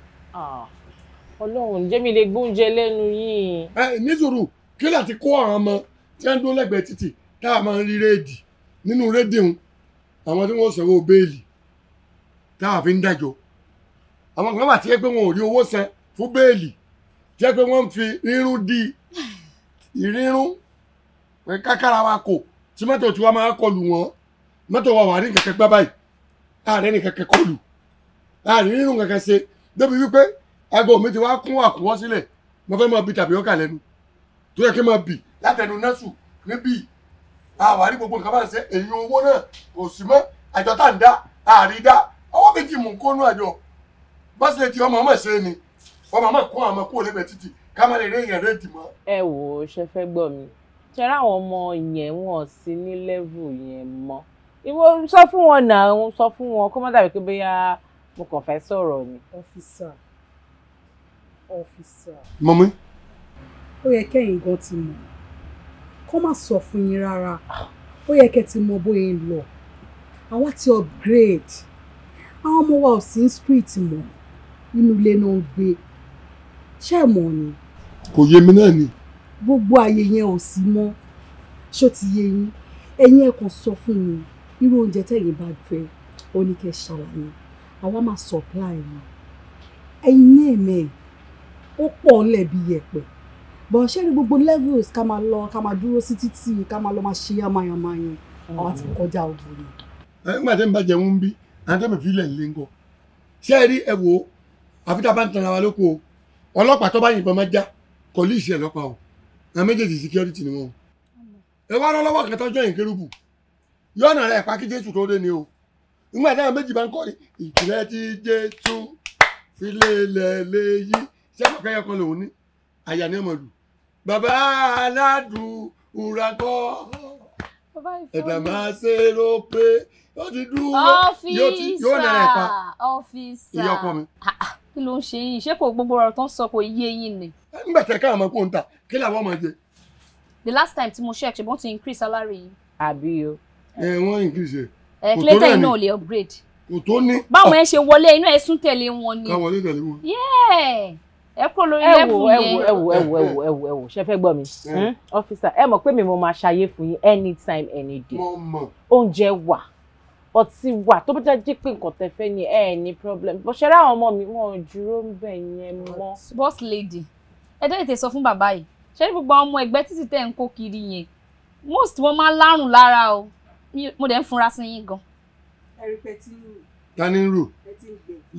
ọlọ́run jẹ́ mi lè gbóúnjẹ lẹ́nu yìí. ẹ nítorí kí láti kó àwọn ọmọ tí wọ́n ń dún lẹ́gbẹ̀ẹ́ títì tá a máa ń rí réèdì nínú rédíò àwọn tí wọ́n sọ̀rọ̀ béèlì tá a fi ń dájọ́ àwọn kan wà tí yẹ pé wọn ò rí owó san fún béèlì tí yẹ pé wọ́n ń fi irun di ìrírun kákàrà wa kò tí mọ́tò tí wọ́n máa kọlù wọn mọ́tò wa wà ní kẹ̀kẹ́ gbá báyìí ààrẹ ní kẹ̀kẹ́ kọlù ààrẹ nínú kẹ̀kẹ́ ṣe débi wípé aago mi ti wá kún àkúwọ́ sílẹ̀ mo fẹ́ máa bi tàbí ọkà lẹ́nu tó yẹ kí n máa bì látẹnu nẹ́sù níbí àwárí gbogbo nǹkan bá ṣe èyí owó náà kò sí mọ́ àjọ tá à ń dá àárí dá ọwọ́ méjì mú kónú àjọ bọ́sẹ̀tì ọmọ ọmọ ṣe ni ọmọ ọmọ kọ́ àmọ́ kúrò lẹ́gbẹ̀ẹ́ títì ká má lè rí èèyàn rédì mọ́. ẹ wo ó ṣe fẹ́ gbọ́ mi ṣe ráwọn ọmọ yẹn wọn sí ní lẹ́vù yẹn mọ́ ìwọ sọ fún wọn náà sọ fún wọn kó má dàbí pé bóyá mo kàn fẹ́ sọ̀rọ̀ ni. ọfíìsà ọfíìsà. mọ̀mí. ó yẹ kẹ́yìn gan ti mọ̀ kó má sọ fún yín rárá ó yẹ kẹ́ ti mọ bóyá ń lọ àwa ti upgrade àwọn ọmọ wa ò sí street mọ̀. inú ilé náà ń gbé ṣé mọ̀ ni. kò yé mi náà ni. gbogbo ààyè yẹn ò sí mọ́ ṣó ti yé yín ẹ̀yin ẹ̀ kàn sọ fún mi irú oúnjẹ tẹ̀yin bá fẹ́ ó ní kẹ́ ṣàlàyé àwa máa supply wọn ẹ̀yin ní ẹ̀mẹ́ ẹ̀ ó pọ̀ lẹ́bi yẹ̀pẹ̀ bọ̀ ṣé ní gbogbo levels ká máa lọ ká máa dúró sí títì ká máa lọ máa ṣe yàmàyàmàyàn àwa ti kọjá ògùn ni. nígbà tí n bá jẹun ń bí àtàmì fílẹ̀ ń lé ń kọ ṣé ẹ rí ẹ wò ó àfi tá a bá ń tanra wa lóko o ọlọ́pàá tó bá yìnbọn máa já kọ́líìsì ẹ̀ o àwọn méjèèjì security ni wọn o ẹ wá rán lọ́wọ́ kan tọ́jọ́ yìí kérúbù yọ̀ọ̀nà rẹ̀ pa kí jésù tó dé ni o nígbà táwọn méjì bá ń kọ́ ìtìlẹ̀ tí jésù fi lélẹ̀ léyìí sẹ́kọ̀ọ́ kẹ́yọ̀ kan lòun ní àyà ni ọmọ lù bàbá aládùúrà kọ́ ẹ̀dà máa ṣe ló pé ó ti dúró yóò nà rẹ̀ pa ìyọkọ mi kí ló ń ṣe yín ṣé kò gbogbo ọ̀rọ̀ tó ń sọ kò yé yín ni. nígbà tẹ káàmọ kó ń ta kí làwọn ọmọ jẹ. the last time tí mo check ṣùgbọ́n ti increase salary yìí. àbí o. ẹ wọ́n increase ẹ. ẹ eh, clayton iná ò lè upgrade. kò tó ní. báwọn ẹ ṣe wọlé inú ẹ sún tẹ̀lé wọn ni. ká wọlé tẹ̀lé wọn. ẹ kó lórí lẹ́bù yẹn. ẹ wo ẹ wo ẹ wo ẹ wo ẹ wo ṣe fẹ́ gbọ́ mi. ọ́fíìsà eh. hmm? ẹ mọ̀ pé mi mo máa ṣayé fún yín any day. mo ọtí wà tó bá jẹ́ pé nǹkan tẹ fẹ́ ni ẹ ní problem bó ṣe rá àwọn ọmọ mi wọn ò dúró ń bẹ̀ yẹn mọ́. boss lady ẹ dẹ́ tètè sọ fún bàbá yìí ṣé gbogbo ọmọ ẹgbẹ́ títí tẹ̀ ń kó kiri yẹn most wọn máa ń lárùn lára o mo dẹ̀ ń funra sí yín gan. ẹ rí pé tí ń rù. ta ni ń rù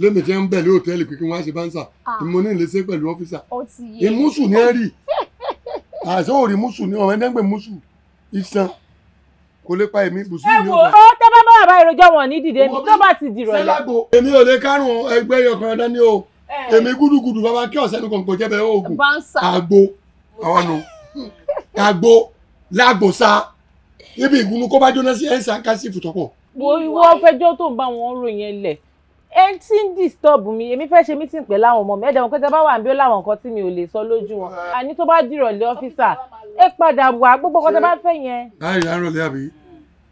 lémi tí ń bẹ̀ lórí òtẹ́ẹ̀lì pé kí wọ́n á ṣe báńsà ah. mo ní ìlẹ́sẹ̀ pẹ̀lú ọ́fíìsà ìmúsù ni ẹ rí àṣọ òrì músù ni ọmọ ẹ̀dẹ́gbẹ̀ iṣan kò lè pa èmi bùsùn ní ọgbà. ẹ wo tẹ bá bá bàbá ìròjọ́ wọn ní dìde mi tó bá ti dìrọ̀ yá. èmi ò lè kárùn ẹgbẹ́ yọkan dání o èmi gúdúgúdú bàbá kí ọ̀sẹ̀ ní kọ̀ǹkọ̀ jẹ́bẹ̀ oògùn àgbo àwọn nù àgbo lágbòsá ibi ìgúnnú kó bá jóná sí ẹ̀ ń sàkásí ìfùtọ́pọ̀. wo ìwọ fẹjọ́ tó ń bá wọn ròyìn ẹ lẹ̀ ẹ ti ń disturb mi èmi fẹ́ ṣe meeting pẹ̀lú àwọn ọmọ mi ẹ dẹ̀mọ̀ pé tẹ bá wà ń bí ó láwọn nǹkan tí mi ò lè sọ lójú wọn àní tó bá dìrọ̀lẹ́ ọ́fíìsà ẹ padà wá gbogbo nǹkan tẹ bá fẹ́ yẹn. láì lárọ̀lẹ́ àbí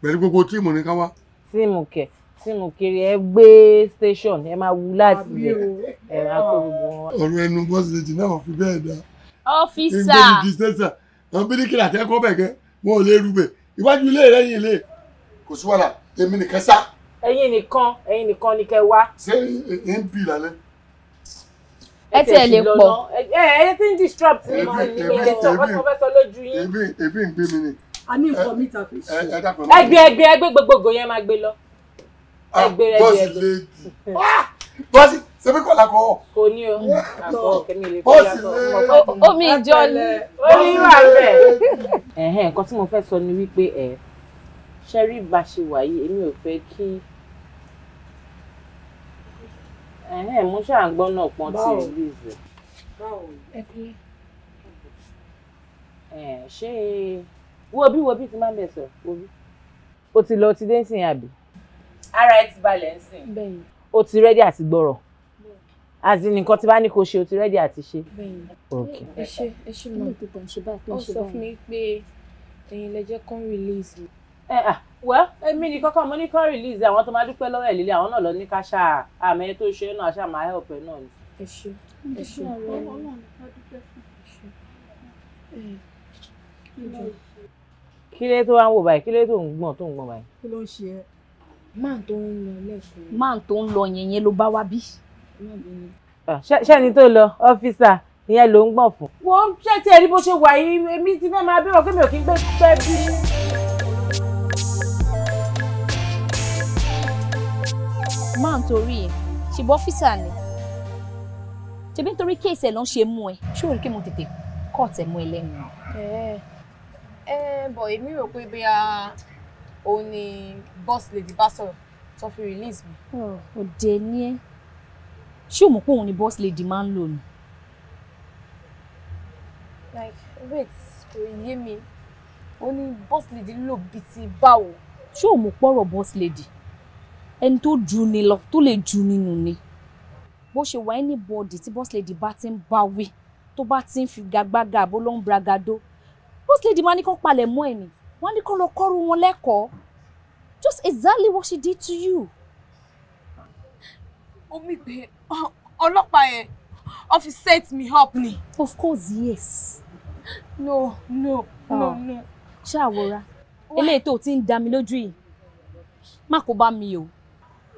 pẹ̀lú gbogbo tíìmù ní ká wá. tíìmù kẹ tíìmù kiri ẹ gbé station ẹ máa wú láti ilẹ̀ ẹ máa kó gbogbo wọn. ọ̀rọ̀ ẹnu bọ́sẹ̀jì náà fi bẹ́ẹ̀ dá. ọ́fíìsà ǹjẹ́ àwọn bíríkìlà tẹ́kọ̀ọ́ bẹ̀gẹ́ wọn ò lè rúbẹ̀ iwájú ilé rẹ̀ yìí lè kò sí wàhálà èmi nìkan ẹ̀yin nìkan ẹ̀yin nìkan ni kẹ wá. ṣé ẹ ń bì lálẹ́. ẹ tiẹ̀ lè pọ̀. ẹ ẹ ti ń disrupt mi mọ ìyẹn tó wọ́n fẹ́ sọ lójú yín. ebi ebi ń gbé mi ni. a ní nǹkan mi ta fi ṣe. ẹgbẹ́ ẹgbẹ́ ẹgbẹ́ gbogbogbò yẹn máa gbé lọ. Ah, ẹgbẹ́ ẹgbẹ́ bọ́ọ̀sì lè ah, bọ́ọ̀sì ṣebí kọ́ làkọ́ ọ̀. kò ní o àkọ́ kẹ́mi lè fi yàtọ̀ omi ìjọ ni orí wà bẹ́ẹ̀. ẹ̀hẹ́n nǹkan tí mo fẹ́ sọ ni wípé ẹ̀ ṣẹ́rí bá ṣe wà yìí èmi ò fẹ́ kí mo ṣáà ń gbọ́ náà pọ́n tí ò rí ìfẹ́. ṣé wobi wobi ti máa ń bẹ̀ sọ̀rọ̀ wobi o ti lọ ti dé nsìn àbí. ara ẹ ti balẹ̀ nsìn. o ti rẹ́dí àti gbọ́rọ̀ àti nǹkan tí bá ní kó ṣe o ti rẹ́dí àti ṣe. ẹ ṣe ẹ ṣe mọ ọ sọ fún mi pé ẹ̀yin lẹ jẹ́ kán release mi. Eh, ah, wẹ́ èmi ní kọ́kọ́ mo ní kọ́ release àwọn tó máa dúpẹ́ lọ́wọ́ ẹ̀ lílé àwọn náà lọ ní ká ṣáà àmì ẹ̀ tó ṣe náà ṣáà máa help ẹ̀ náà ni. ẹ ṣe ẹ ṣe kí lé tó wá ń wò báyìí kí lé tó ń gbọ̀n tó ń gbọ̀n báyìí. kí ló ń ṣe ẹ́. máà tó ń lọ lẹ́kọ̀ọ́. máà tó ń lọ yẹn yẹn ló bá wá bí. Ah, ṣẹ́ni tó lọ ọ́fíìsà ìyẹn ló ń gbọ̀n fún. wo ṣé tí ẹ rí bó ṣe wà yìí èmi ti fẹ́ máa bẹ̀rọ̀ pé mi ò kí ń gbé pẹ́ bí. máa ń torí ẹ̀ ṣèbọ̀ ọ́fíìsà ni ṣebí nítorí kéèsì ẹ̀ ló ń ṣe mú ẹ ṣé o rí kí mo tètè kọ́ ọ̀tẹ̀ mú ẹ lẹ́nu. ẹ ẹ bọ̀ èmi rò pé bí a òun ni boss lady bá sọ̀rọ̀ tó fi release mi. òde ni ẹ ṣé o mọ̀ pé òun ni boss lady máa ń lò ni. like wait kò yé mi ó ní boss lady lò bíi ti báwo. ṣé o mọ̀ pọ̀rọ̀ boss lady ẹni tó jù ni lọ tó lè jù nínú ni bó ṣe wà anybody tí boss bá ti ń bá wí tó bá ti ń figagbága àbó ló ń bragado boss máa ní kó palẹ̀ mọ́ ẹ̀ ni wọ́n ní kó lọ kọ́rù wọn lẹ́kọ̀ọ́ just exactly what she did to you. omi gbé ọlọ́pàá yẹn office set me up ni. of course yes. no no oh. no ah. no. ṣáà wọra eléyìí tó ti ń dá mi lójú yìí má kó bá mi o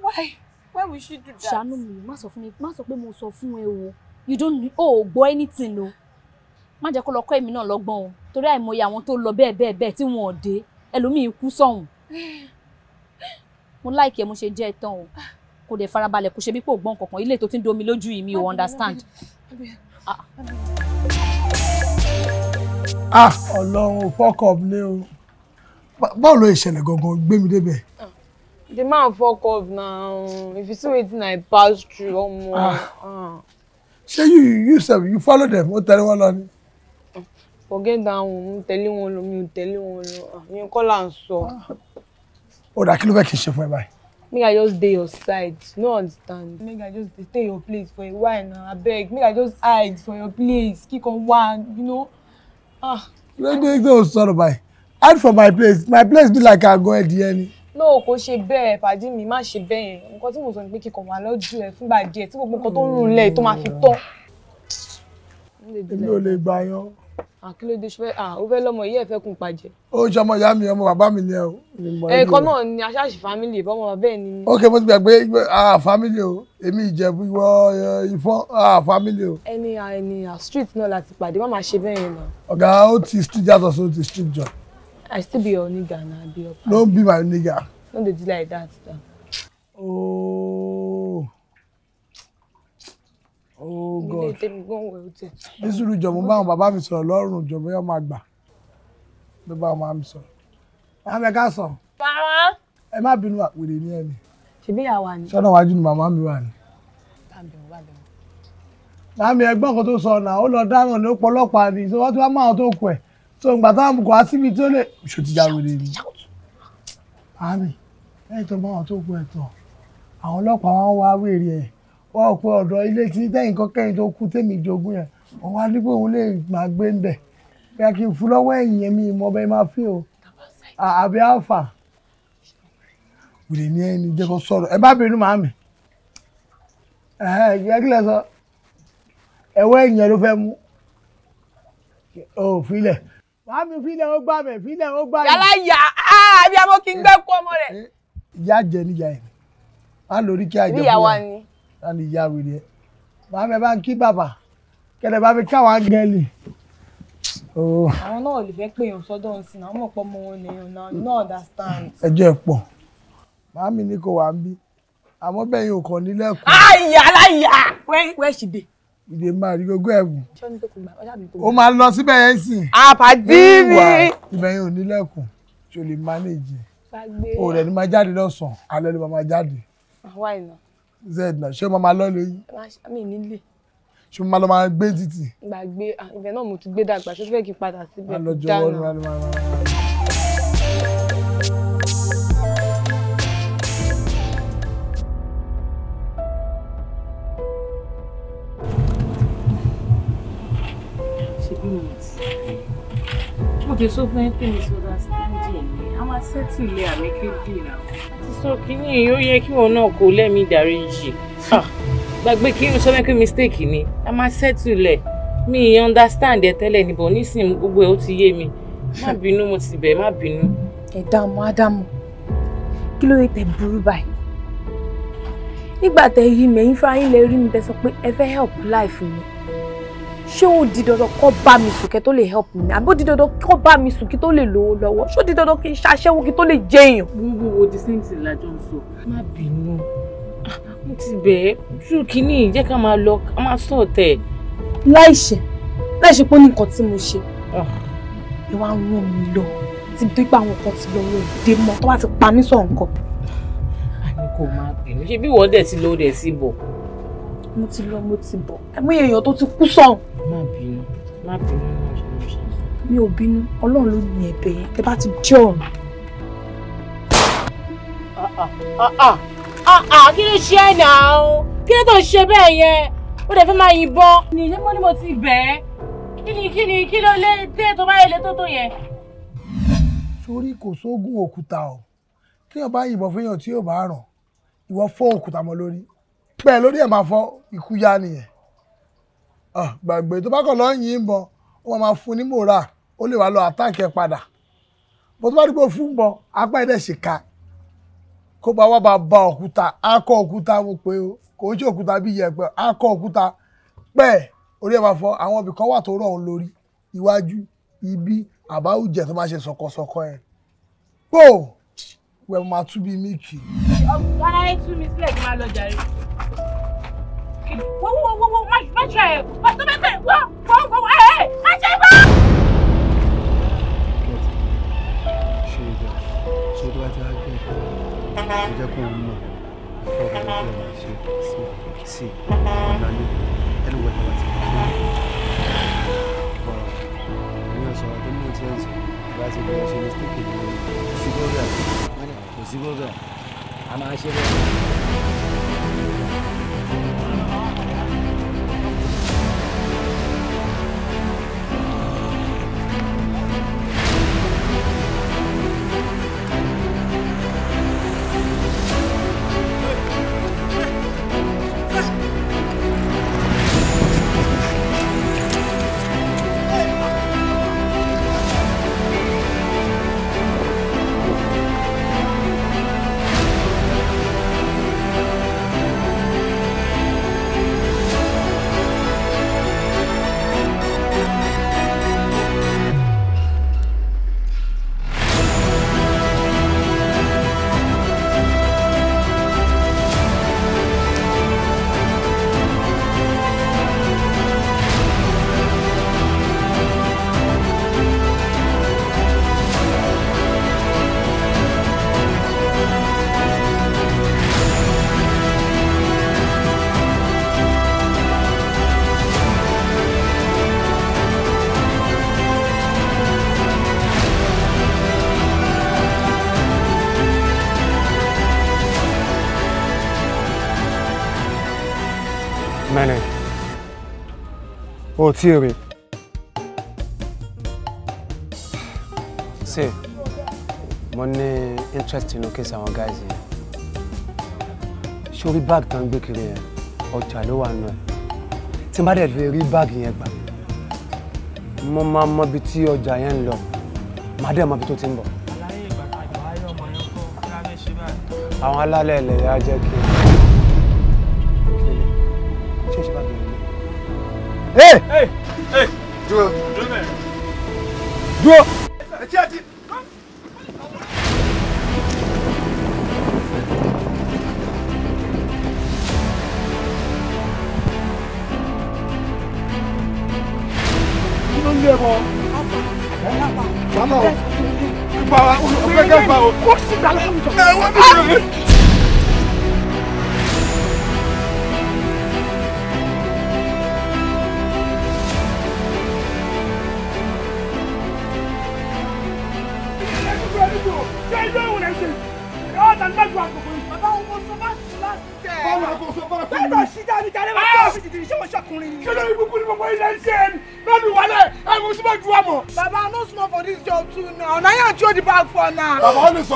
why why would she do that. ṣàánú mi má sọ fún mi má sọ pé mo you don't oh, go gbọ́ anything o má jẹ́ kó lọ kọ́ èmi náà lọ́gbọ́n o torí àìmọye àwọn tó lọ bẹ́ẹ̀ bẹ́ẹ̀ bẹ́ẹ̀ tí wọn ò dé ẹlòmíì kú sọ̀hún mo láìkẹ́ mo ṣe jẹ́ ẹ tán o kò dẹ̀ farabalẹ̀ kò ṣe bí kò gbọ́n kankan ilé tó ti ń domi lójú mi ò understand. Ah. ah ọlọ́run fọkàn mi o báwo ló ṣẹlẹ̀ gangan gbé mi débẹ̀. Ah the man fuck up now if you see anything, i pass through omo. Oh ah. ah. ṣé you you sef you follow them. o tell wọn lọ forget that one tell tẹ̀lé wọn lọ mi You tẹ̀lé wọn lọ ah, ìyẹn kọ́ là ń sọ. ó dà kí ló fẹ́ i just stay your side no understand make i just stay your place for a while now I beg. make i just hide for your place keep on one. you know. ah. lóde ìgbẹ́ of báyìí hide for my place my place be like I ago ẹ̀dìyẹ ni. No, kò ṣe bẹ́ẹ̀ pàdí mi má ṣe bẹ́ẹ̀ nǹkan tí mo sọ ni pé kíkọ̀ wà lọ́jú ẹ̀ fúngbà díẹ̀ tí gbogbo nǹkan tó ń rún lẹ̀ tó máa fi tán. èmi ò lè gbà yan. àkílódé ṣe fẹ́ ó fẹ́ lọ́mọ yìí ẹ̀ fẹ́ kun pàjẹ́. ó ṣe ọmọ ìyá mi ọmọ bàbá mi ni ẹ o. ẹ̀kọ́ náà ni aṣáàṣì fámìlì ìbọmọ bẹ́ẹ̀ ni. ok mo ti gbàgbé fámìlì o èmi ìjẹ̀bú ìwọ ìfọ́n fámìlì o. ẹni ẹni street náà láti pàdé má máa street yàtọ̀ sí ó street jọ. I still be your nigger, and I be your pal. Don't be my nigger. Don't do like that. Though. Oh. Oh God. Ilé tèmi gbọ́n wẹ̀ ó tẹ̀. Bísúrú jọ mo bá àwọn bàbá mi sọ̀rọ̀ lọ́rùn jọ bóyá máa gbà. Bí bá àwọn àmì sọ̀rọ̀. Màmá ẹ ká sọ. Màmá. Ẹ má bínú àpèrè ní ẹni. Ṣèbí ìyá wa ni. Sọ́nà wájú ni màmá mi wà ní. Bàbẹ̀wò bàbẹ̀wò. Màmí ẹgbọ́n kan tó sọ ọ̀nà ó lọ dáràn ní ó pọlọ́pàá ni ìṣòwò tí wọ́n máa tó kù ẹ̀ so ìgbà táwọn kò wá síbi tó lè ṣò ti jáwé lè rí àmì lẹ́yìn tó bá wọn tó kú ẹ̀tọ́ àwọn ọlọ́pàá wọn wá wéèrè ẹ̀ wọ́n ò pé ọ̀dọ̀ ilé tí tẹ́yìn kọ́kẹ́yìn tó kú tèmi jogún yẹn wọ́n wá nípò òun lè máa gbé ń bẹ̀ bí a kì í fún lọ́wọ́ ẹ̀yìn yẹn mi ìmọ̀ bẹ́ẹ̀ máa fi o àbí àfà wèrè ní ẹni jẹ́ kó sọ̀rọ̀ ẹ bá bínú màmí ẹ kí láàmì fílẹ̀ ó gbà mẹ́ fílẹ̀ ó gbà mẹ́. yàrá yà á àbí amó kí n gbẹ́ kú ọmọ rẹ̀. Eh, ìyá jẹ níyà ẹ̀ má lórí kí àjẹ fún wa náà ni ìyá wèrè ẹ̀ bá mi bá ń kí bàbá kẹ́lẹ́ bá mi káwọn áńgẹ́lì. àwọn náà ò lè fẹ́ pé èèyàn sọ́dọ̀ ń sìn àwọn ọ̀pọ̀ ọmọ wọn lèèyàn náà no understand. ẹjọ́ ẹ̀ pọ̀ màámi ní kò wá ń bí àmọ́ bẹ́ẹ̀ yóò kàn nílẹ̀kùn. àyà ah, aláyà where where she dey ìdè máa rí gbogbo ẹ̀bùn. ó máa lọ síbẹ̀ yẹn sìn. àpàdé mi. ibẹ̀ yẹn ò nílẹ̀kùn tí o lè manage. o rẹ̀ ni máa jáde lọ́sàn-án alẹ́ ló máa jáde. àwa ìnà. zed na ṣé o máa lọ lóyún. mi nílé. ṣé o máa lọ máa gbé títì. gbàgbé ah, ibẹ̀ náà mo ti gbé dàgbà ṣé o fẹ́ kí n padà síbẹ̀. má lọ jọ̀wọ́ ló máa lọ máa lọ. Okay, so many things understanding. I'm a settle here and make it deal now. Sísọ kínní yìí ó yẹ kí wọn náà kó lẹ́mí ìdáríjì. Ah, gbàgbé kí n sọ mẹ́kẹ́ mistake ni. A máa settle ẹ̀. Mi ì understand ẹ tẹ́lẹ̀ níbọ̀ nísìnyí gbogbo ẹ̀ ó ti yé mi. Má bínú mo ti bẹ̀ má bínú. Ẹ dààmú Ádámù. Kí ló yẹ tẹ burú báyìí? Nígbà tẹ yí mi, ẹ̀yin fúnra yín lè rí mi tẹ sọ pé ẹ fẹ́ help life mi ṣé ó di dandan kó bá mi sùn kẹ́ tó lè help me. àbí ó di dandan kó bá mi sùn kí tó lè lówó lọ́wọ́ ṣé ó di dandan kí n ṣaṣẹ́wó kí tó lè jẹ èèyàn. wíwú wo the same thing la jọ ń sọ má bínú ah, mo ti bẹ̀ẹ́ tú kínní jẹ́ ká máa lọ ká máa sọ̀ tẹ̀. láìṣẹ̀ láìṣẹ̀ pé ó ní nǹkan tí mo ṣe ah. ẹ wá ń rán mi lọ ti tó pé àwọn kan ti lọ wọ òde mọ tó bá ti pa mí sọ nǹkan. àní ah, kò máa bínú ṣe bí wọ́n dẹ̀ ti lọ dẹ̀ ti bọ̀. mo ti lọ mo ti bọ̀ ẹ̀mú èèyàn tó ti kú sọ̀hún má bínú má bínú má ṣe mo ṣe. mi ò bínú ọlọ́run ló ní ẹ̀bẹ̀ yẹn ẹ bá ti jẹ́ ọ̀nà. Ah, ah, ah, kí ló ṣe ẹ̀ náà o kí ló tó ṣe bẹ́ẹ̀ yẹn ó dẹ̀ fẹ́ máa yìnbọn. nìyẹn mo ní mo ti bẹ̀ ẹ́ kí ni kí ni kí ló lé dé tó bá yẹ lé tó tó yẹn. sórí kò sóògùn òkúta o téèyàn bá yìnbọn fún èèyàn tí yóò bá ràn ìwọ fọ́ òkúta mọ́ lórí bẹ́ẹ̀ lórí ẹ̀ máa fọ́ ikú nìyẹn. Ah, gbàgbé tó bá kàn lọ yìn ín bọ̀ ó máa fún ní mòra ó lè wá lọ àtàkì ẹ̀ padà bó tó bá dúpọ̀ fún bọ̀ apá ẹ̀ dẹ̀ ṣe ka kó bá wá bá ba òkúta akọ òkúta mo pé o kò ń ṣe òkúta bí yẹ̀pẹ̀ akọ òkúta pẹ́ orí ẹ̀ máa fọ àwọn ibìkan wà tó rọ̀ ọ́n lórí iwájú ibi àbáwùjẹ tó máa ṣe sọ̀kọ̀sọ̀kọ̀ ẹ̀ pò wẹ̀ máa tú bí mílìkì. ọ̀gá ẹ tú mi sílẹ̀ kí n máa lọ jàre wọ́n wọ́n wọ́n wọ́n má ṣe ẹ̀ wọ́n tó bẹ́ẹ̀ bẹ́ẹ̀ wọ́n wọ́n wọ́n ẹ̀ ẹ̀ má ṣe bá. ṣe ìjà ṣe tó bá ti wá gbé ẹ̀kọ́ kò jẹ́ kó o mọ̀ ẹ̀kọ́ ọ̀gá tó bá ṣe sí sí ọ̀nà ní ẹnu wẹ̀ bàbá ti bá ṣe. ní ọ̀sán ọdún mú ti ẹ̀ ń sọ ìgbà tí mo ṣe mistake ní síbóríà kò síbóríà a máa ṣe bẹ́ẹ̀. ọtí rè. ṣe mo ní interest inú kí sàwọn guys yẹn sórí báàgì tá ń gbé kiri yẹn ọjà ló wà nù ẹ tí n bá dẹ̀ Mama, rí báàgì yẹn giant love. Madam, mọ ibi tí ọjà yẹn ń lọ màá dẹ̀ mọ ibi tó ti ń bọ̀. àwọn alálẹ̀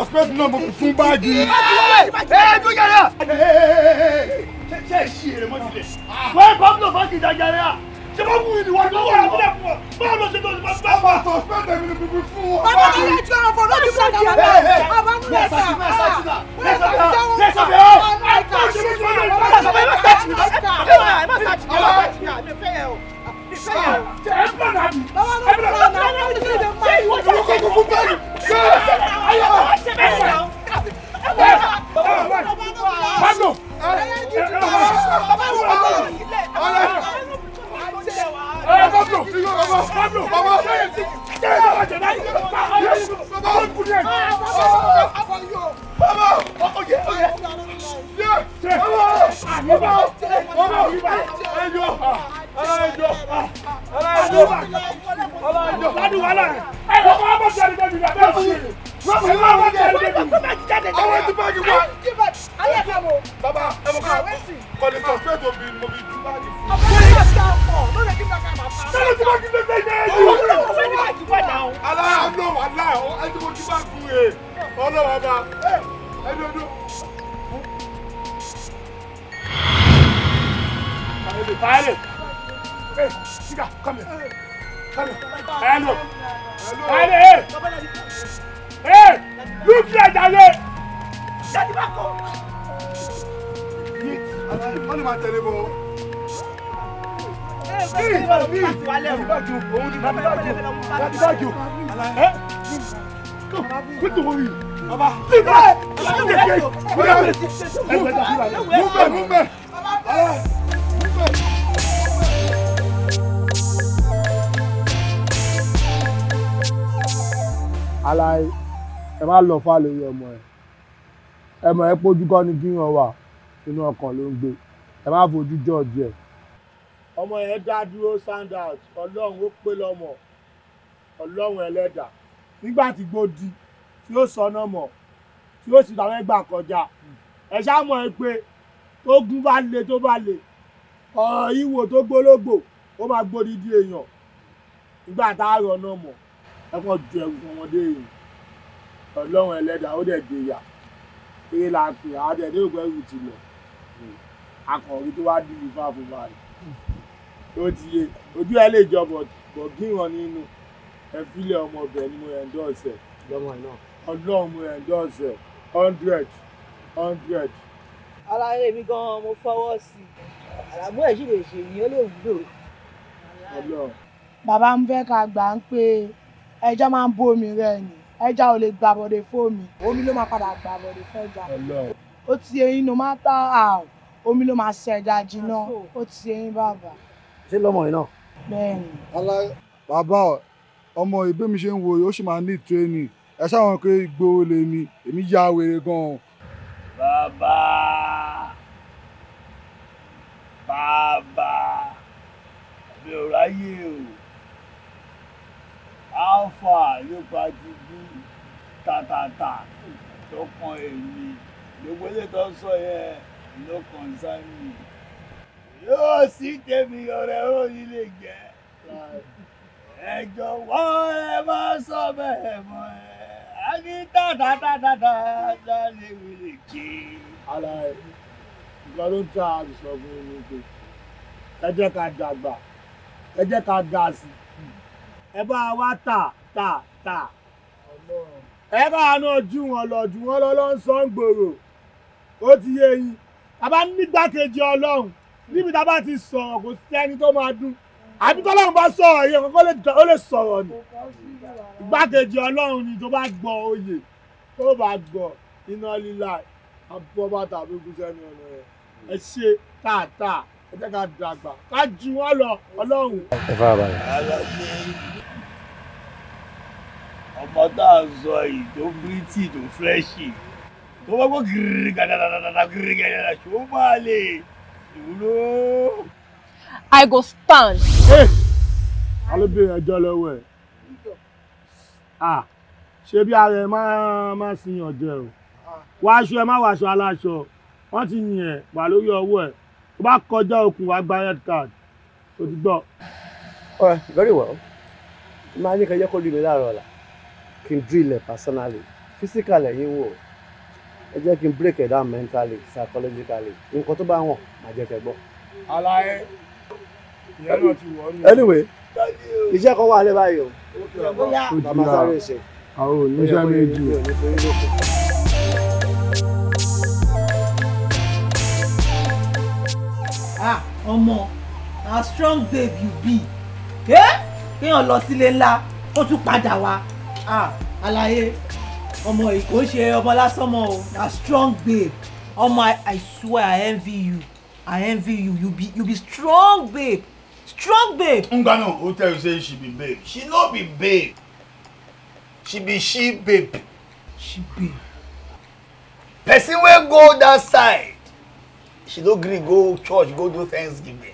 suspect náà mo fi fún báàgì. suspect obi mo bi ju báàgì fún. ọ̀pẹ̀lẹ̀ yóò sá ọkọ̀ lórí kí bàbá máa fa. sọ́dọ̀ tí wọ́n ti gbẹ́gbẹ́ yẹn ni. ọ̀pẹ̀lẹ̀ yóò fẹ́ ní bàjẹ́ wà náà. alá ló wà láà ó ẹni mo ti bá gun e ọlọ́wọ́ bá ẹni ojú. Fire! Hey, Chica, come here. Come here. Hello. Hello. Fire! Hey! Hey! Look here, Daddy! Daddy, back up! wọ́n ní máa tẹ̀lé bọ̀. kiri bí ìbájú òun ni bàbájú bàbájú ẹ kó tó wọ́n yìí. bàbá bíbá ṣíkè ké múbẹ múbẹ múbẹ múbẹ. Àlàyé ẹ má lọ fún àlòyé ọmọ ẹ ẹ mọ ẹ pójú kọ́ ni kí wọ́n wà inú ọkàn ló ń gbé ẹ má fojú jọ́ọ̀jì ẹ̀. ọmọ yẹn dá dúró stand out ọlọ́run ó pé lọ́mọ ọlọ́run ẹlẹ́dà nígbà tí gbòdì tí ó sọ náà mọ̀ tí ó sì dáwọ́ ẹgbà kọjá ẹ ṣáà mọ̀ ẹ pé tó gún bá le tó bá le ọ̀rọ̀ ìwò tó gbólógbò ó máa gbódì di èèyàn nígbà tá a rọ̀ náà mọ̀ ẹ kàn ju ẹrù ọmọdé yìí ọlọ́run ẹlẹ́dà ó dẹ̀ gbé yà èyí là á pè á dẹ̀ dé òkú ẹrù tì lọ akọ̀wé tó wá dùn ìfà fún wa rẹ̀ ó ti yé ojú ẹ lè jọ bọ̀ gíran nínú ẹ fílẹ̀ ọmọ ọbẹ̀ ni mo endorse ẹ̀ ọlọ́run mo endorse ẹ̀ hundred hundred. aláyé mi gan-an mo fọwọ́ sí i àlàbò ẹ̀ sì lè ṣe ni ó lè wúlò. ọlọ́run. bàbá ń fẹ́ ká gbà ń pé ẹjọ́ máa ń bómi rẹ̀ ni ẹja ò lè gbà bọ̀dẹ̀ fómi omi ló máa padà gbà bọ̀dẹ̀ fẹ́ jà ó ti eyín no matter how omi ló máa ṣe ẹja jiná ó ti ẹyin bàbá. ṣé lọmọ yìí náà. bẹ́ẹ̀ni. ala bàbá ọmọ ìbí mi ṣe ń wo ó sì máa ní training ẹ sáwọn pé ìgboro lèmi èmi ya wèrè gan-an. bàbá bàbá mi ò ráyè o alpha nípa ti bí tàtàtà tó kan èmi gbogbo ilé tó sọ yẹn no concern me yóò sì tèmi ọ̀rẹ́ òyìn lè jẹ́ ẹ jọ̀wọ́ ẹ má sọ bẹ́ẹ̀ mọ́ ẹ á ní tàdátàdátà lálẹ́ mi lè ké. ara ẹ nǹkan ló ń ta àrùsọ fún mi pé ẹ jẹ́ ká dàgbà ẹ jẹ́ ká ga sí i ẹ bá wa tà tà tà ẹ bá wa náà wọn lọ jù wọn lọ lọ ń sọ ń gbòòrò ó ti yé yín àbá nígbàkejì ọlọ́run níbi tá a bá ti sọ̀rọ̀ kò sẹ́ni tó máa dún àbí tọ́lọ́run bá sọ̀rọ̀ yẹ kọ́kọ́ ó lè sọ̀rọ̀ ni ìgbàkejì ọlọ́run ni tó bá gbọ́ oyè tó bá gbọ́ iná líla àbọ̀ bàtà àbí gúúsẹ́ ní ọ̀nà rẹ̀ ẹ ṣe táàtáà ẹ jẹ́ ká dàgbà ká ju wọn lọ ọlọ́run. ẹ fara balẹ̀. ọmọ tá a sọ yìí tó bírítì tó fúrẹ́ṣì yìí tó bá gírí gàdàdàdàdà gírí gàdàdà ṣó máa lè dúró. I go stand. alóbìnrin ẹjọ́ lọ́wọ́ ẹ̀ ah! ah! ṣé bí ara ẹ máa máa sin ọ̀dẹ̀ o ah! wàá ẹ má wàá aláṣọ wọ́n ti yìn ẹ̀ wà lórí ọwọ́ ẹ̀ tó bá kọjá okùn wàá gba red card o ti gbọ́. very well máa ní kẹjọ́ kó rí mi láàárọ̀ ọ̀la kí n drill ẹ̀ personally physical ẹ̀yin wò ó ẹ jẹ́ kí n break it mentally psychologically nǹkan tó bá wọ̀n má jẹ́ kẹ́ gbọ́. alaye ìyẹn náà ti wọ̀ ọ́ nù. anyway iṣẹ́ kan wà lẹ́ báyìí o. bàbá sáré ṣe. àwọn ò ní jù. ọmọ na strong babe you be. kéèyàn lọ sílé ńlá ó tún padà wá. ah alaye ọmọ yìí kò ṣe ọmọ lásán mọ́ o na strong babe ọmọ i swear i envy you i envy you you be you be strong babe strong babe. ngana who tell you say she be babe she no be babe she be she babe. she babe. person wey go that side she no gree go church go do thanksgiving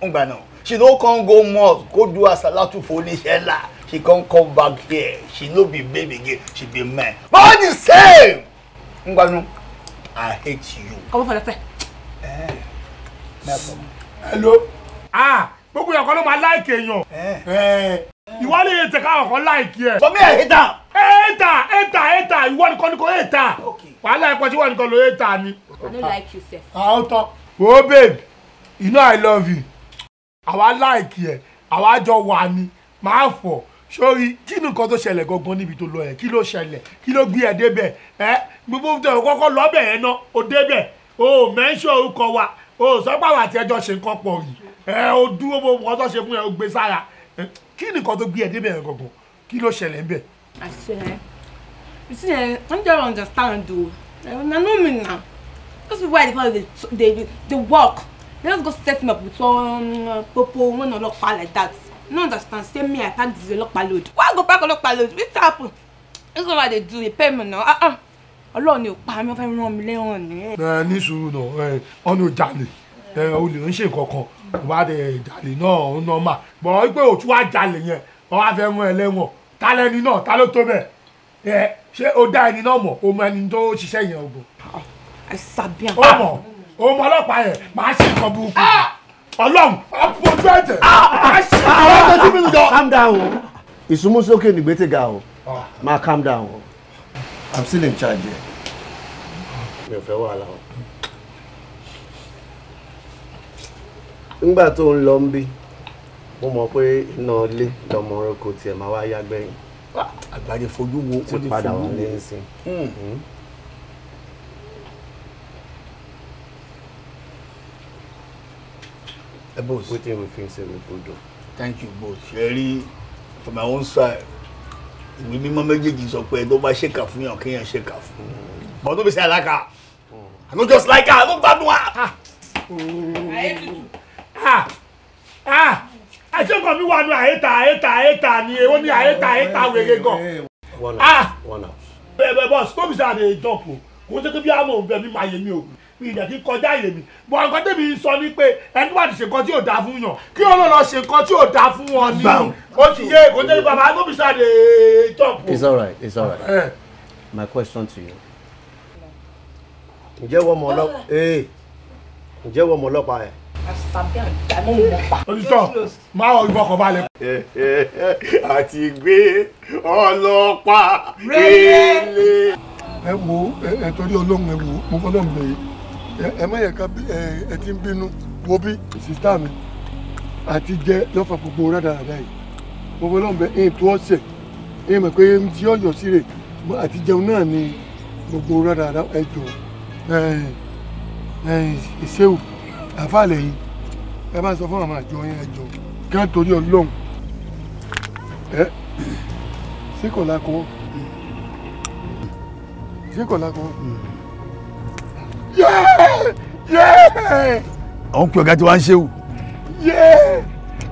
ngana she no come go mosque go do asalatu for onisela she come come back here she no be baby again she be man. but all the same ngbanu i hate you. ọmọ fẹlẹ fẹ. hello. ah gbogbo yẹn kọ́ ló máa láìkì èèyàn eh. Eh. ìwọ lè yẹn tẹ̀ka ọ̀kan láìkì ẹ̀. for me i hate am. hate am hate am hate am ìwọ nìkan ni kò hate am wàhálà ẹ̀pọ̀ tí ìwọ nìkan ló hate am ni. i no like you sef. àwọn ah, tán. o babe you know i love you àwa láìkì ẹ̀ àwa jọ wà ní máa fọ̀ sórí kí ni nǹkan tó ṣẹlẹ̀ gangan níbi tó lọ yẹn kí ló ṣẹlẹ̀ kí ló gbé ẹ débẹ̀ ẹ gbogbo tó kọ́kọ́ lọ́bẹ̀ yẹn náà ó débẹ̀ ó mẹ́ńṣọ́ orúkọ wa ó sọ́pàwọ̀ àti ẹjọ́ ṣe nǹkan pọ̀ yìí ẹ o dúró bó nǹkan tó ṣe fún ẹ ó gbé sára kí ni nǹkan tó gbé ẹ débẹ̀ yẹn gangan kí ló ṣẹlẹ̀ ńbẹ̀. àṣẹ you see eh i don't understand eh, na no mean na those people uh, like that no understand say me i pack this ọlọ́pàá load why i go pack ọlọ́pàá load wetin happen this one i dey do dey pay me na ah ah ọlọ́run ni ò pa mi ó fẹ́ rán mi lẹ́wọ̀n ni. ẹ ní sùúrù náà ọ̀nà òjàlè olè ń ṣe kankan ìwà rẹ̀ jàlè náà ń nà má bọ̀ pé òtún wá jàlè yẹn wọ́n wá fẹ́ rán ẹ lẹ́wọ̀n ta lẹni náà ta ló tó bẹ́ẹ̀ ẹ ṣé o dá ẹni náà mọ̀ o mọ ẹni tó ṣiṣẹ́ yẹn o bọ̀. àìsàbíà. o mọ̀ o mọ yẹn màá ṣe nǹkan burúkú. Ah! ọlọ́run àpòjú ẹ̀jẹ̀. Ah, ah, ah, àwọn ọmọ tí mi ń lọ. calm down o ìsúnmúsókè nìgbẹ́tẹ̀gà o máa calm down o. i'm still in charge here. mi ò fẹ́ ń lọ ń bí mo mọ̀ pé iná ilé lọmọ orúkọ tiẹ̀ máa wá yá gbẹ̀yìn. àgbàdo fojú wo uh, boss. Wetin we say we do. Thank you boss. Ṣé rí for my own side, we ìwé mímọ́ méjèèjì sọ pé tó shake off me, okay? kéèyàn shake off. But don't be say I like her. I no just like her, I no gbádùn her. Àṣekọ̀ mi wà ní àyètà àyètà àyètà ni èwo ni àyètà àyètà wèrè gan. One house. Bẹ́ẹ̀ bẹ́ẹ̀ bọ́s, tó bí sáà lè jọ̀pọ̀, kò ń ṣe pé bí àmọ̀ òun bẹ̀ mí máa yẹ mí o ìdẹ̀ kí kọjá ìyè bọ̀ nǹkan tẹ̀mí sọ ni pé ẹni ṣe nǹkan tí ò dáa fún yàn kí wọn ṣe nǹkan tí ò dáa fún wọn ni o ti yé kò tẹ́lẹ̀ bàbá agbóbi sáré tọ́pù. it's alright it's alright eh. my question to you. ǹjẹ́ wọ́n mọ̀ ọlọ́pàá ẹ̀ eh. eh. ǹjẹ́ wọ́n mọ̀ ọlọ́pàá ẹ̀ olùtọ́ máa wọ ìfọkàn balẹ̀. àti gbé ọlọ́pàá ẹ wo ẹ torí ọlọ́run ẹ wo mo fọlọ́run bẹ̀rẹ̀ ẹ má yẹ ká ẹ ti ń bínú wo bí sísítà mi àti jẹ lọ́fà gbogbo rádaràdà yìí mo fẹ́ lọ́nbẹ ẹ̀yìn tó ọ̀sẹ̀ ẹ̀yìn mọ̀ pé tí ọ̀yọ́ sí rè àti jẹun náà ni gbogbo rádaràdà ẹ jọ ìṣẹ́wù àfàlẹ̀ yìí ẹ bá sọ fún àwọn àjọ yẹn ẹ jọ kí wọ́n torí ọlọ́run ẹ síkọ̀lá kan síkọ̀lá kan òun pè ọ̀gá tí wàá ń ṣe wù.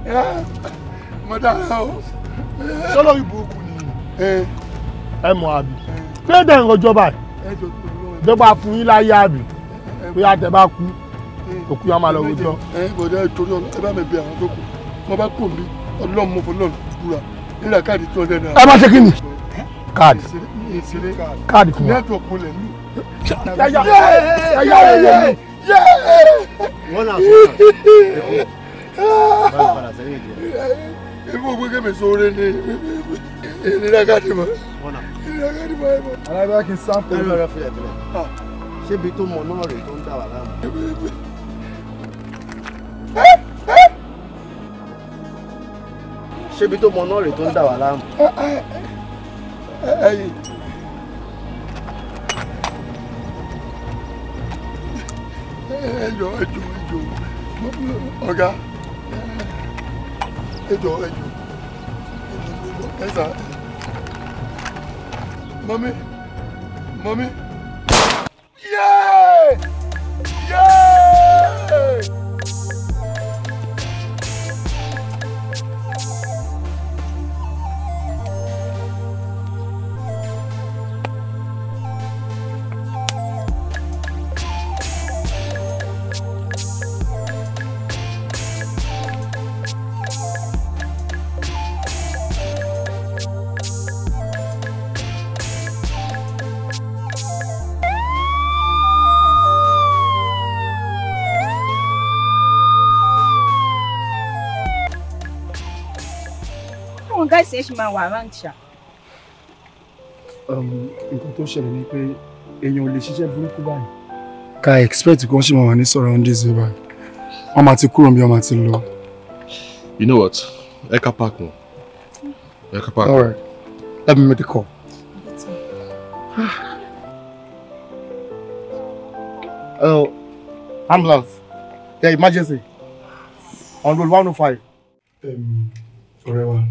Ah, mo dára o. sọ́lọ́ ìbùkún ni ẹ mọ̀ àbí ṣé dẹ̀ ń rọjọba yìí dẹ́gbà fún yín láyé àbí bóyá tẹ bá kú òkú yà máa lọ rojọ. ẹ bọ̀dá ìtòrí ọ̀la ẹ bá mi bẹ àwọn tó kù mo bá kò mí ọlọ́run mo fọlọ́run kúra nílà káàdì tí wọ́n dẹ́ náà. ẹ má ṣe kí ni káàdì káàdì fún wa. nẹ́tíwọ̀kì lẹ̀ ní ibu gbẹgẹ mi sóore ni ìnira káàdì mọ ìnira káàdì mọ ẹ bọ. alábẹ́ kì í sáfù. ẹ lọ́ọ́ fi ẹ̀bẹ̀rẹ̀ ṣébi tó mọ náà rèé tó ń dà wà láàmú. ṣébi tó mọ náà rèé tó ń dà wà láàmú. ẹjọ ẹjọ ẹjọ ọ̀gá ẹjọ ẹjọ ẹsà mọ́mí mọ́mí. ṣe ṣe máa wà ráǹtì um, nǹkan tó ṣẹlẹ̀ ni pé èèyàn ò lè ṣiṣẹ́ burúkú báyìí. ká expect kí wọ́n ṣì máa wà ní surroundings yìí wọ́n máa ti kúrò bí wọ́n máa ti lọ. you know what ẹ park wọn ẹ park. all right let me make the call. Hello, ambulance. Yeah, emergency. On road 105. Um, forever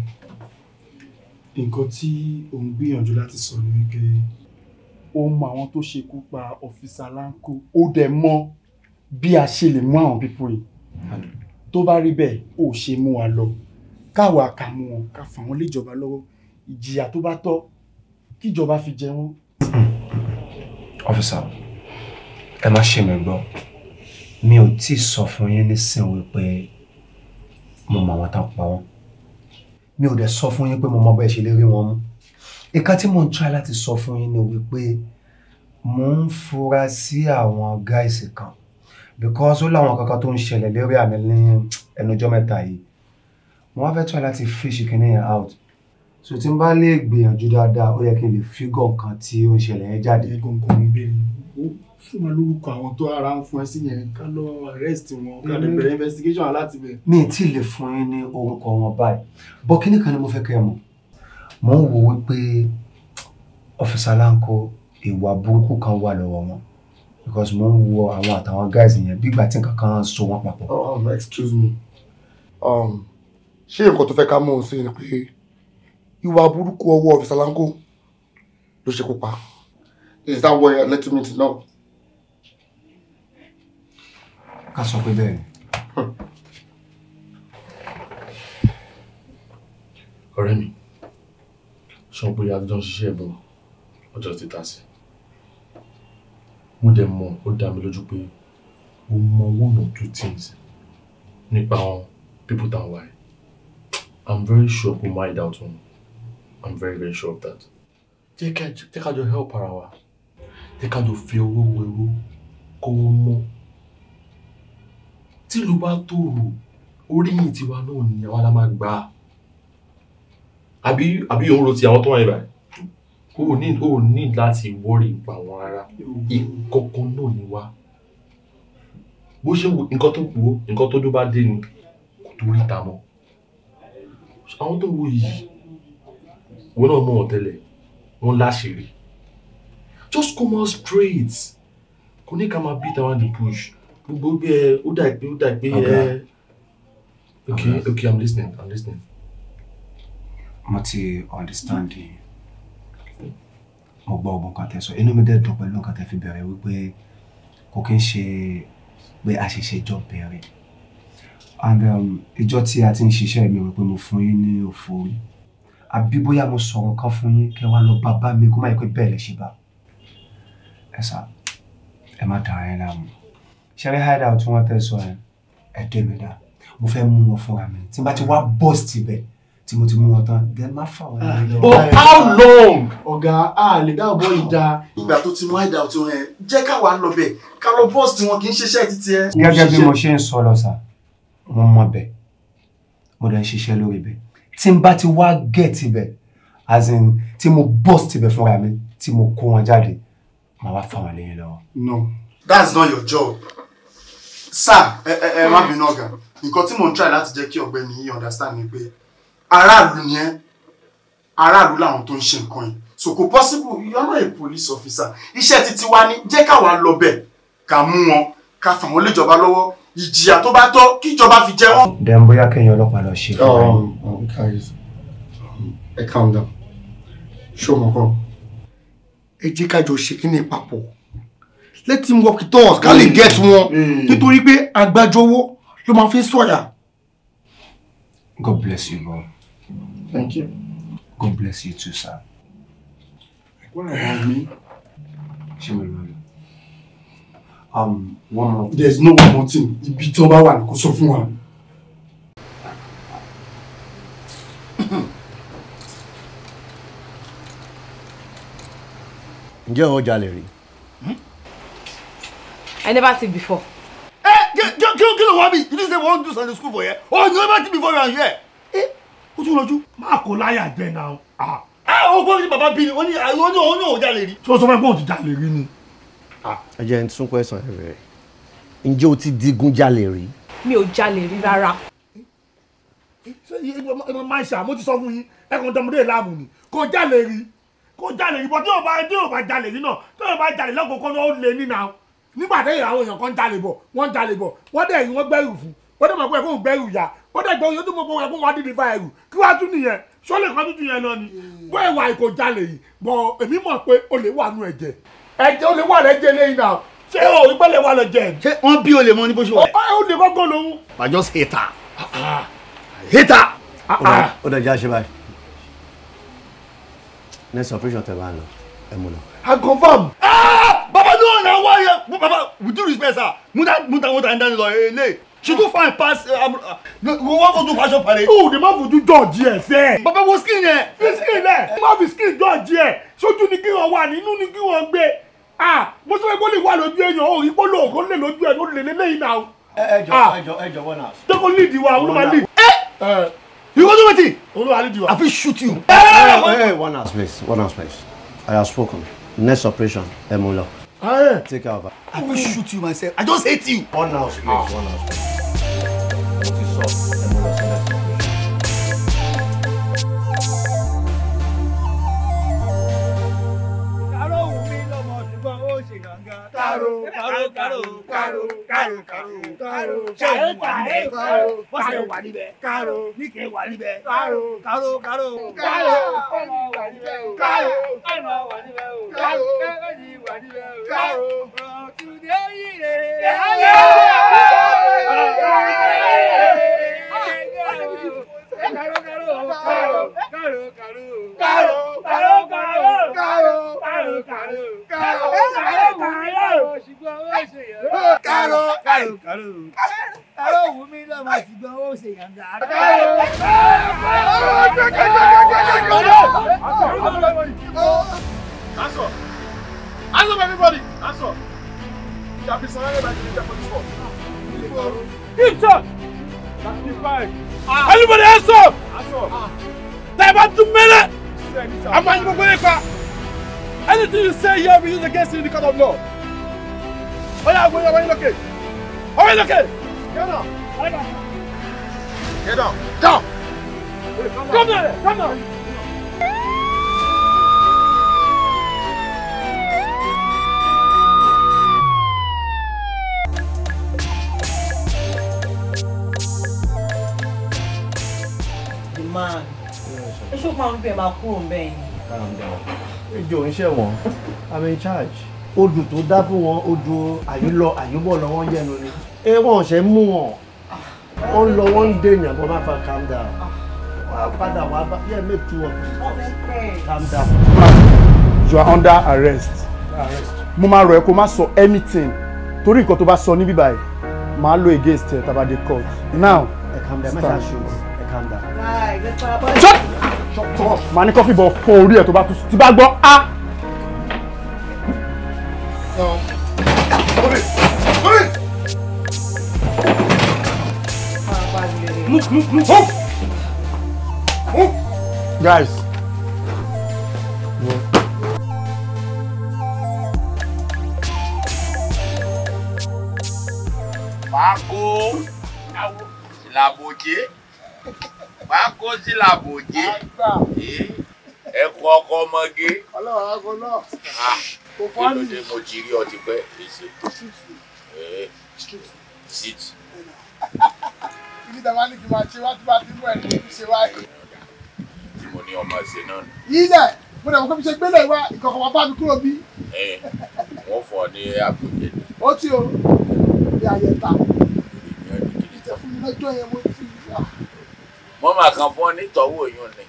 nǹkan tí ò ń gbìyànjú láti sọ ni wípé ó mọ àwọn tó ṣekú pa ọ̀fíìsà láńkó ó dẹ̀ mọ bí a ṣe lè mú àwọn pípọ̀ yìí tó bá rí bẹ́ẹ̀ ó ṣe mú wa lọ káwa kà mú wọn ká fà wọn léjọba lọ́wọ́ ìjìyà tó bá tọ́ kíjọba fi jẹ wọn. ọ̀fíìsà ẹ má ṣe mí mi ò tí ì sọ fún yín nísìnyí wípé mo mọ àwọn tá pa wọn mi ò dẹ̀ sọ fún yín pé mo mọ bẹ́ẹ̀ ṣe lè rí wọn mú ìka tí mo ń try láti sọ fún yín ni wípé mo ń fura sí àwọn guys kan because ó láwọn kankan tó ń ṣẹlẹ̀ lérí àmì ní ẹnujọ́ mẹ́ta yìí mo wá fẹ́ try láti fish kìíní yẹn out so tí n bá lè gbìyànjú dáadáa ó yẹ kí n lè figure nǹkan tí ó ń ṣẹlẹ̀ yẹn jáde. ẹ gbọ́n kò bẹ́ẹ̀ ni fún wọn lórúkọ àwọn tó ara ń fún ẹ sí yẹn ká lọ arrest wọn ká lè mm-hmm. bẹ̀rẹ̀ investigation aláti bẹ̀. mi ì tí ì lè fún yín ní orúkọ wọn báyìí bọ́ kí ni mo fẹ́ kẹ́ ẹ mọ̀ mò ń wò wípé ọ̀fíìsà láǹkó ìwà burúkú kan wà lọ́wọ́ wọn because mo ń wo àwọn àtàwọn guys yẹn bí ìgbà tí nǹkan kan so wọn papọ̀. Oh, um, excuse me um ṣé nǹkan tó fẹ́ ká mú un sí ni pé ìwà burúkú ọwọ́ ọ̀fíìsà láǹkó ló ṣekú pa is that what you're letting me to know ká sọ pé bẹ́ẹ̀ ni. ọ̀rẹ́ mi ṣọ́n pé adjọ́ ń ṣiṣẹ́ ẹ̀bùn ọjọ́ ti ta sí mo dẹ̀ mọ̀ ó dá mi lójú pé mo mọ one two things nípa àwọn people down à i'm very sure pé mo máa doubt wọn i'm very very sure of that Take care ká jọ help ara wa jẹ́ ká jọ fi owó wẹ̀wò kówó mọ́ tílùú bá tòrò oríyìn tiwa náà ni àwa la máa gbà á àbí àbí òun ro ti àwọn tó wà níbàá kò ní ò ní láti wọ́rí pa wọn rárá ìkọ̀kan náà ni wá bó ṣe wo nǹkan tó wo nǹkan tó dún bá dé ni kò tó rí ta mọ́ àwọn tó wo yìí wọn náà mọ̀ tẹ́lẹ̀ wọ́n láṣìírí just come out straight kò ní ká máa beat around the bush gbogbo bí eh, ẹ ó dàgbé ó dàgbé ẹ. Eh. okay okay i'm listening i'm listening. mo ti understand yìí mo gbọ́ ọgbọ́n kan tẹ sọ inú mi dẹ̀ dùn pẹ̀lú nǹkan tẹ fi bẹ̀rẹ̀ wípé kò kí n ṣe pé àṣìṣe jọ bẹ̀rẹ̀ and um, ìjọ tí a ti ń ṣiṣẹ́ mi rò pé mo fún yín ní òfò yìí àbí bóyá mo sọ̀rọ̀ kan fún yín kẹ́ wá lọ bàbá mi kó má yẹ pé bẹ́ẹ̀ lè ṣe bá ẹ sá ẹ má dàá láàmú ṣeré hideout tí wọ́n tẹ̀ sọ yẹn ẹ̀dọ́ mi dá mo fẹ́ mú wọn fúnra mi tí n bá ti wá bọ́ọ̀sì tibẹ̀ tí mo ti mú wọn tán then má fà wọn lọ. Oh, how long. ọ̀gá a lè dá ọ̀bọ yìí dá. ìgbà tó ti mú hide out, wọ́n yẹn jẹ́ káwa lọ bẹ̀ ká lọ bọ́ọ̀sì tí wọn kì í ṣiṣẹ́ títí ẹ. gẹ́gẹ́ bí mo ṣe ń sọ lọ sà mo mọ bẹ̀ mo dẹ̀ ń ṣiṣẹ́ lórí bẹ̀ tí n bá ti wá gẹ̀ẹ́tì bẹ̀ as in tí mo bọ́ọ̀sì tibẹ̀ fúnra mi tí mo kó wọn jáde màá wá fà wọn lẹ́yìn lọ́wọ́. no that's not your job sir ẹ ẹ má bínú ọ̀gá nǹkan tí mò ń try láti jẹ́ kí ọ̀gbẹ́ni yìí understand ni pé aráàlú ni ẹ́ aráàlú làwọn tó ń ṣe nǹkan yìí so kò possible you are not a police officer iṣẹ́ títí wa ni jẹ́ káwa lọ bẹ̀ ká mú wọn ká fà wọ́n léjọba lọ́wọ́ ìjìyà tó bá tọ́ kíjọba fi jẹ wọ́n. dẹ́n bóyá kẹ́yìn ọlọ́pàá lọ ṣe fún oh, oh, ẹ calm down ṣó mọ̀ kọ́ ẹ jẹ́ ká ṣe kí ni papọ̀ let him work with us ká lè mm. get wọn mm. nítorí pé agbájọwọ́ ló máa fi sọ̀yà. God bless you bro. Thank you. God bless you too sir. What about me? She will love you. Um, one more. There's no one more thing. It be number one. wà ní kò one. fún wa. Ǹjẹ́ rí? I never see before. Hey, kill, kill, kill get away me. You didn't say we won't do Sunday school for here. Oh, you never see before you are here. Eh, ojú lójú. Má kò láyà jẹ náà. Ah, ó ah, gbọ́ sí bàbá bíi ni, wọ́n only. àwọn ní òun only òun jalè rí. Tí wọ́n sọ fún ẹ pé òun ti jalè rí ni. Ah, ẹ jẹ́ n tún question ẹ bẹ̀rẹ̀. Ǹjẹ́ o ti digun jalè rí? Mi ò jalè rí rárá. Eh, ṣé ẹ máa ń ṣàmú ti sọ fún yín? Ẹ kàn dọ́mọdé láàmú ni. Kò jalè rí. Kò jalè rí. Bọ̀ tí ò bá jalè rí náà, tí ò bá jalè lọ́kọ̀ọ́kọ́ náà ó lè ní náà nígbà tẹ́yìn àwọn èèyàn kan ń jalè bọ̀ wọ́n ń jalè bọ̀ wọ́n dẹ̀ yìí wọ́n gbẹ́rù fún wọ́n dẹ̀ mọ̀ pé ẹ̀kọ́ gbẹ́rù yá wọ́n dẹ̀ gbẹ́rù yóò tún mọ̀ pé ẹ̀kọ́ wá dìde fa ẹ̀rù kí wá tún nìyẹn sọ́lẹ̀ kan tún nìyẹn lọ ni bó ẹ̀wà ìkò jalè yìí bọ̀ èmi mọ̀ pé o lè wà nù ẹ̀jẹ̀ ẹ̀jẹ̀ o lè wà lẹ́jẹ̀ lẹ́yìn náà ṣé o ìgbẹ́lẹ̀ wà lẹ́jẹ̀. ṣé wọ́n bí o lè mọ ní bó ṣe wà. ó lè kọ́kọ́ lòun. I just hate her. hate her. ó dẹ̀ ah. jẹ́ àṣebáyé next operation tẹ̀ bá ń lọ ẹ̀ mú lọ. I confirm. Ah! Baba no na why eh? Baba with due respect sir. Muta muta muta and then like ele. She too fine pass We eh, want no go do fashion parade. Oh, the man for do George here eh, sir. Baba wo skin here. Fi skin there. man fi skin George here. Sójú ni kí one wà nínú ni kí one gbé. Ah, mo sọ pé kó lè wà lójú ẹ̀yàn o, ìpò lò ó lè lójú ẹ̀ ló lè lélẹ́yìn náà. Ẹ eh, ẹ jọ ẹ ah. jọ wọ́n náà. Dókò lead wa, olú máa lead. eh. You go do wetin? Olúwa lead wa. I fit shoot you. Eh, ẹ ẹ one house please, one house please. I have spoken next operation Emula. mú take care of her. i will shoot you myself i just hate you. one house please one house. karo karo karo karo karo karo karo ṣé òun wà níbẹ̀ karo bọ́sẹ̀ wà níbẹ̀ karo níkẹ́ wà níbẹ̀ karo karo karo karo ọmọ wà níbẹ̀ o karo ọmọ wà níbẹ̀ o karo ẹni wà níbẹ̀ o karo ọ̀túndé yìí rẹ̀ ẹ̀yọ́. Caro, Keep shot. That's the fight. Anybody else up! Tẹ́ bá tún mẹ́lẹ̀, I'm not even going nípa. Anything you say here will be used against you in the court of law. Where are ọwọ́ yín lókè. Ọwọ́ yín lókè. Get down. Get down. Down. Come down Come down. máa ń bẹ̀ máa kúrò ń bẹ̀ yìí. ìjọ ń ṣe wọn i'm in charge odù tó dá fún wọn odù àyúlọ àyúbọ̀ lọ́wọ́ ń yẹnu ni ẹ wọ́n ṣe mú wọn ó lọ wọ́n ń dènìyàn bọ́ máa calm down padà wàá bá yẹ make two calm down. you are under arrest mo máa rọ̀ ẹ́ kó má sọ anything torí nǹkan tó bá sọ níbí báyìí màá lo against ẹ tàbá dé court now. ẹ calm down mẹ́ta ṣe ẹ calm down. Shut! màá ní kọ́fì bọ̀ fọ orí ẹ̀ tó bá tún ti bá gbọ́ á. Move, move, move. Move. Move. Guys. Paco. Laboquet bá kó sílàbò jé ẹkọ ọkọ ọmọge. ọlọ́run aago náà. Ah, kò fọ́ mi. kí ló dé mo jí rí ọtí pẹ́ èsì. sit. Eh, ibi tí a máa ní kí n máa ṣe wá tí bá ti mú ẹ̀ ní ibi ṣe wáyé. tí mo ní ọmọ ṣe náà nù. ilẹ̀ mo dàgbà pé mi ṣe gbélé wa ìkọ̀kọ̀ bàbá mi kúrò bí. Eh, wọ́n fọ ní àpòjẹ. ó ti o bí ayẹta. ìjẹ́ fún mi lọ́jọ́ yẹn mo ti wọ́n máa kàn fún ọ nítọ́wò oyún ni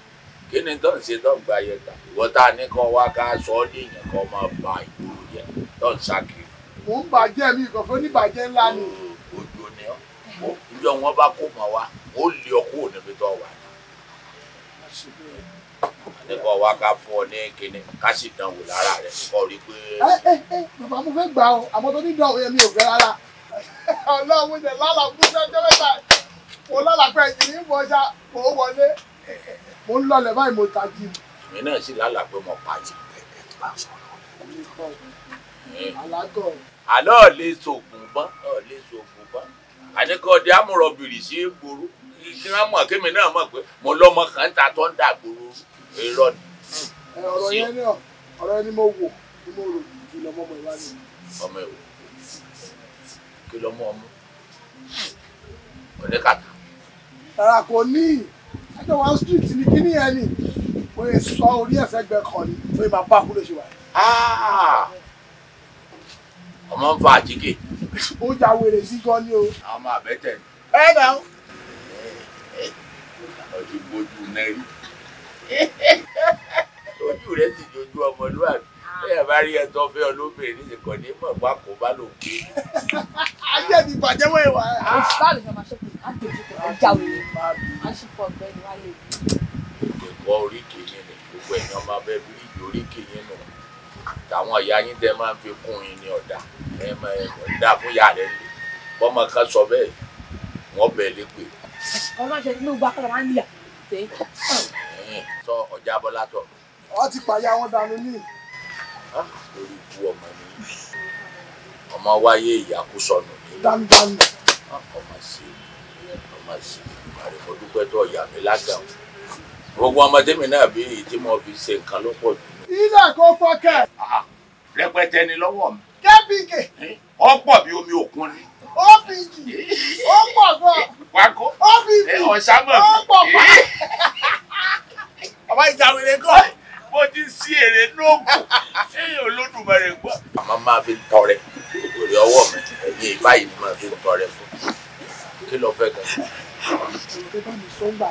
kí ni tó ń ṣe tó ń gba ayẹ ta ìwọ tá a ní kọ́ wá ká sọ ọ́ ní ìyẹn kọ́ máa ba ìgboro jẹ tó ń ṣàkiri. mò ń bàjẹ́ mi kò fẹ́ ní bàjẹ́ ńlá ni. ojú ni ọ ìjọ wọn bá kó mọ wa ó lé ọ kúrò níbi tó wà ní. nígbà wa ká fún ọ ní kíni ká sì dánwò lára rẹ kọ rí pé. ẹ ẹ bàbá mo fẹ́ gbà ọ àmọ́ tó ní dánwò yẹn mi ò fẹ́ rárá ọlọ́run jẹ lálàbù sẹ́jọ́ mẹ́ta mo lálàpẹ́ ìyìn mọ́já mo wọlé mo ń lọlẹ̀ báyìí mo ta jí mi. èmi náà sì lálàpẹ́ mo pa jù bẹ́ẹ̀ tó bá sọ̀rọ̀. alágọ̀. àlọ́ lè sògùn bọ́n ọ̀ lè sògùn bọ́n àníkọ́dé amúrọ̀bìrì sí gbòòrò kí wọ́n mọ̀ kémi náà mọ̀ pé mo lọ́mọ kan ta tó ń dà gbòòrò èrò ni. ọ̀rọ̀ yẹn ni ọ̀rọ̀ yẹn ni mo wò ni mo rò jù lọ́mọ ọmọ ìwà ni. ọmọ ìwò kí lọ́mọ ọmọ oníkàtà rárá kò ní ẹjọ wọn street ní kíní yẹn ni kò lè sọ orí ẹsẹ gbẹ kàn ní tó yẹ máa bá kúrò ṣe wà. Ah! ọmọ ń fa àjíkè. ó ja wèrè sí gan ni o. àwọn ọmọ àbẹ́tẹ̀ ni. ẹ gbà ó. ọjọ́ gbójú náà rí ojú rẹ sì jojú ọmọlúwàbí ẹ bá rí ẹtọ fẹ olóbìnrin níṣẹ kàn ní mọ bá kó bá lò pé. ayé mi bàjẹ́ wọ́n ìwà. báàlù kan máa ṣọ́kùn àgbèjì kò tó já òye máa ṣì fọ ọ̀gbẹ́ni wáyé. ìgbẹ̀kọ́ oríkèé yẹn ni gbogbo ẹ̀yàn máa bẹ bíríìjì oríkèé yẹn nù tàwọn ìyá yín tẹ máa ń fi kún yín ní ọ̀dà ẹ máa ń dà fún ìyá rẹ lè bọ́mọ kan sọ bẹ́ẹ̀ wọ́n bẹ̀ lé pé. ọlọ́ṣẹ́ inú gba kọ́ra ti pàyà wọn dànù ní lórí ikú ọmọ mi ọmọ wáyé ìyá kó sọnù ní dandan ọmọ ṣe ọmọ ṣe ìbàrẹ̀ mo dúpẹ́ tó ọ̀yà mi lágàn gbogbo ọmọdé mi náà bí èyí tí mo fi ṣe nǹkan ló pọ̀ jù. ilé kò fọkẹ. rẹpẹtẹ ni lọ́wọ́ mi. kẹ́bíkè. ó pọ̀ bí omi òkun ni. ó bìjì ó pọ̀ gan. wákò ó bìjì ó pọ̀ pa. ọba ìjà wèrè gan bó ti ń sí èrè lóògùn sẹ́yìn olódùmarè gbọ́. àmọ́ máa fi tọrẹ òrè ọwọ́ mi ẹ̀yìn báyìí máa fi tọrẹ fún kí ló fẹ́ gan. ṣé bá mi sọ́ńgbà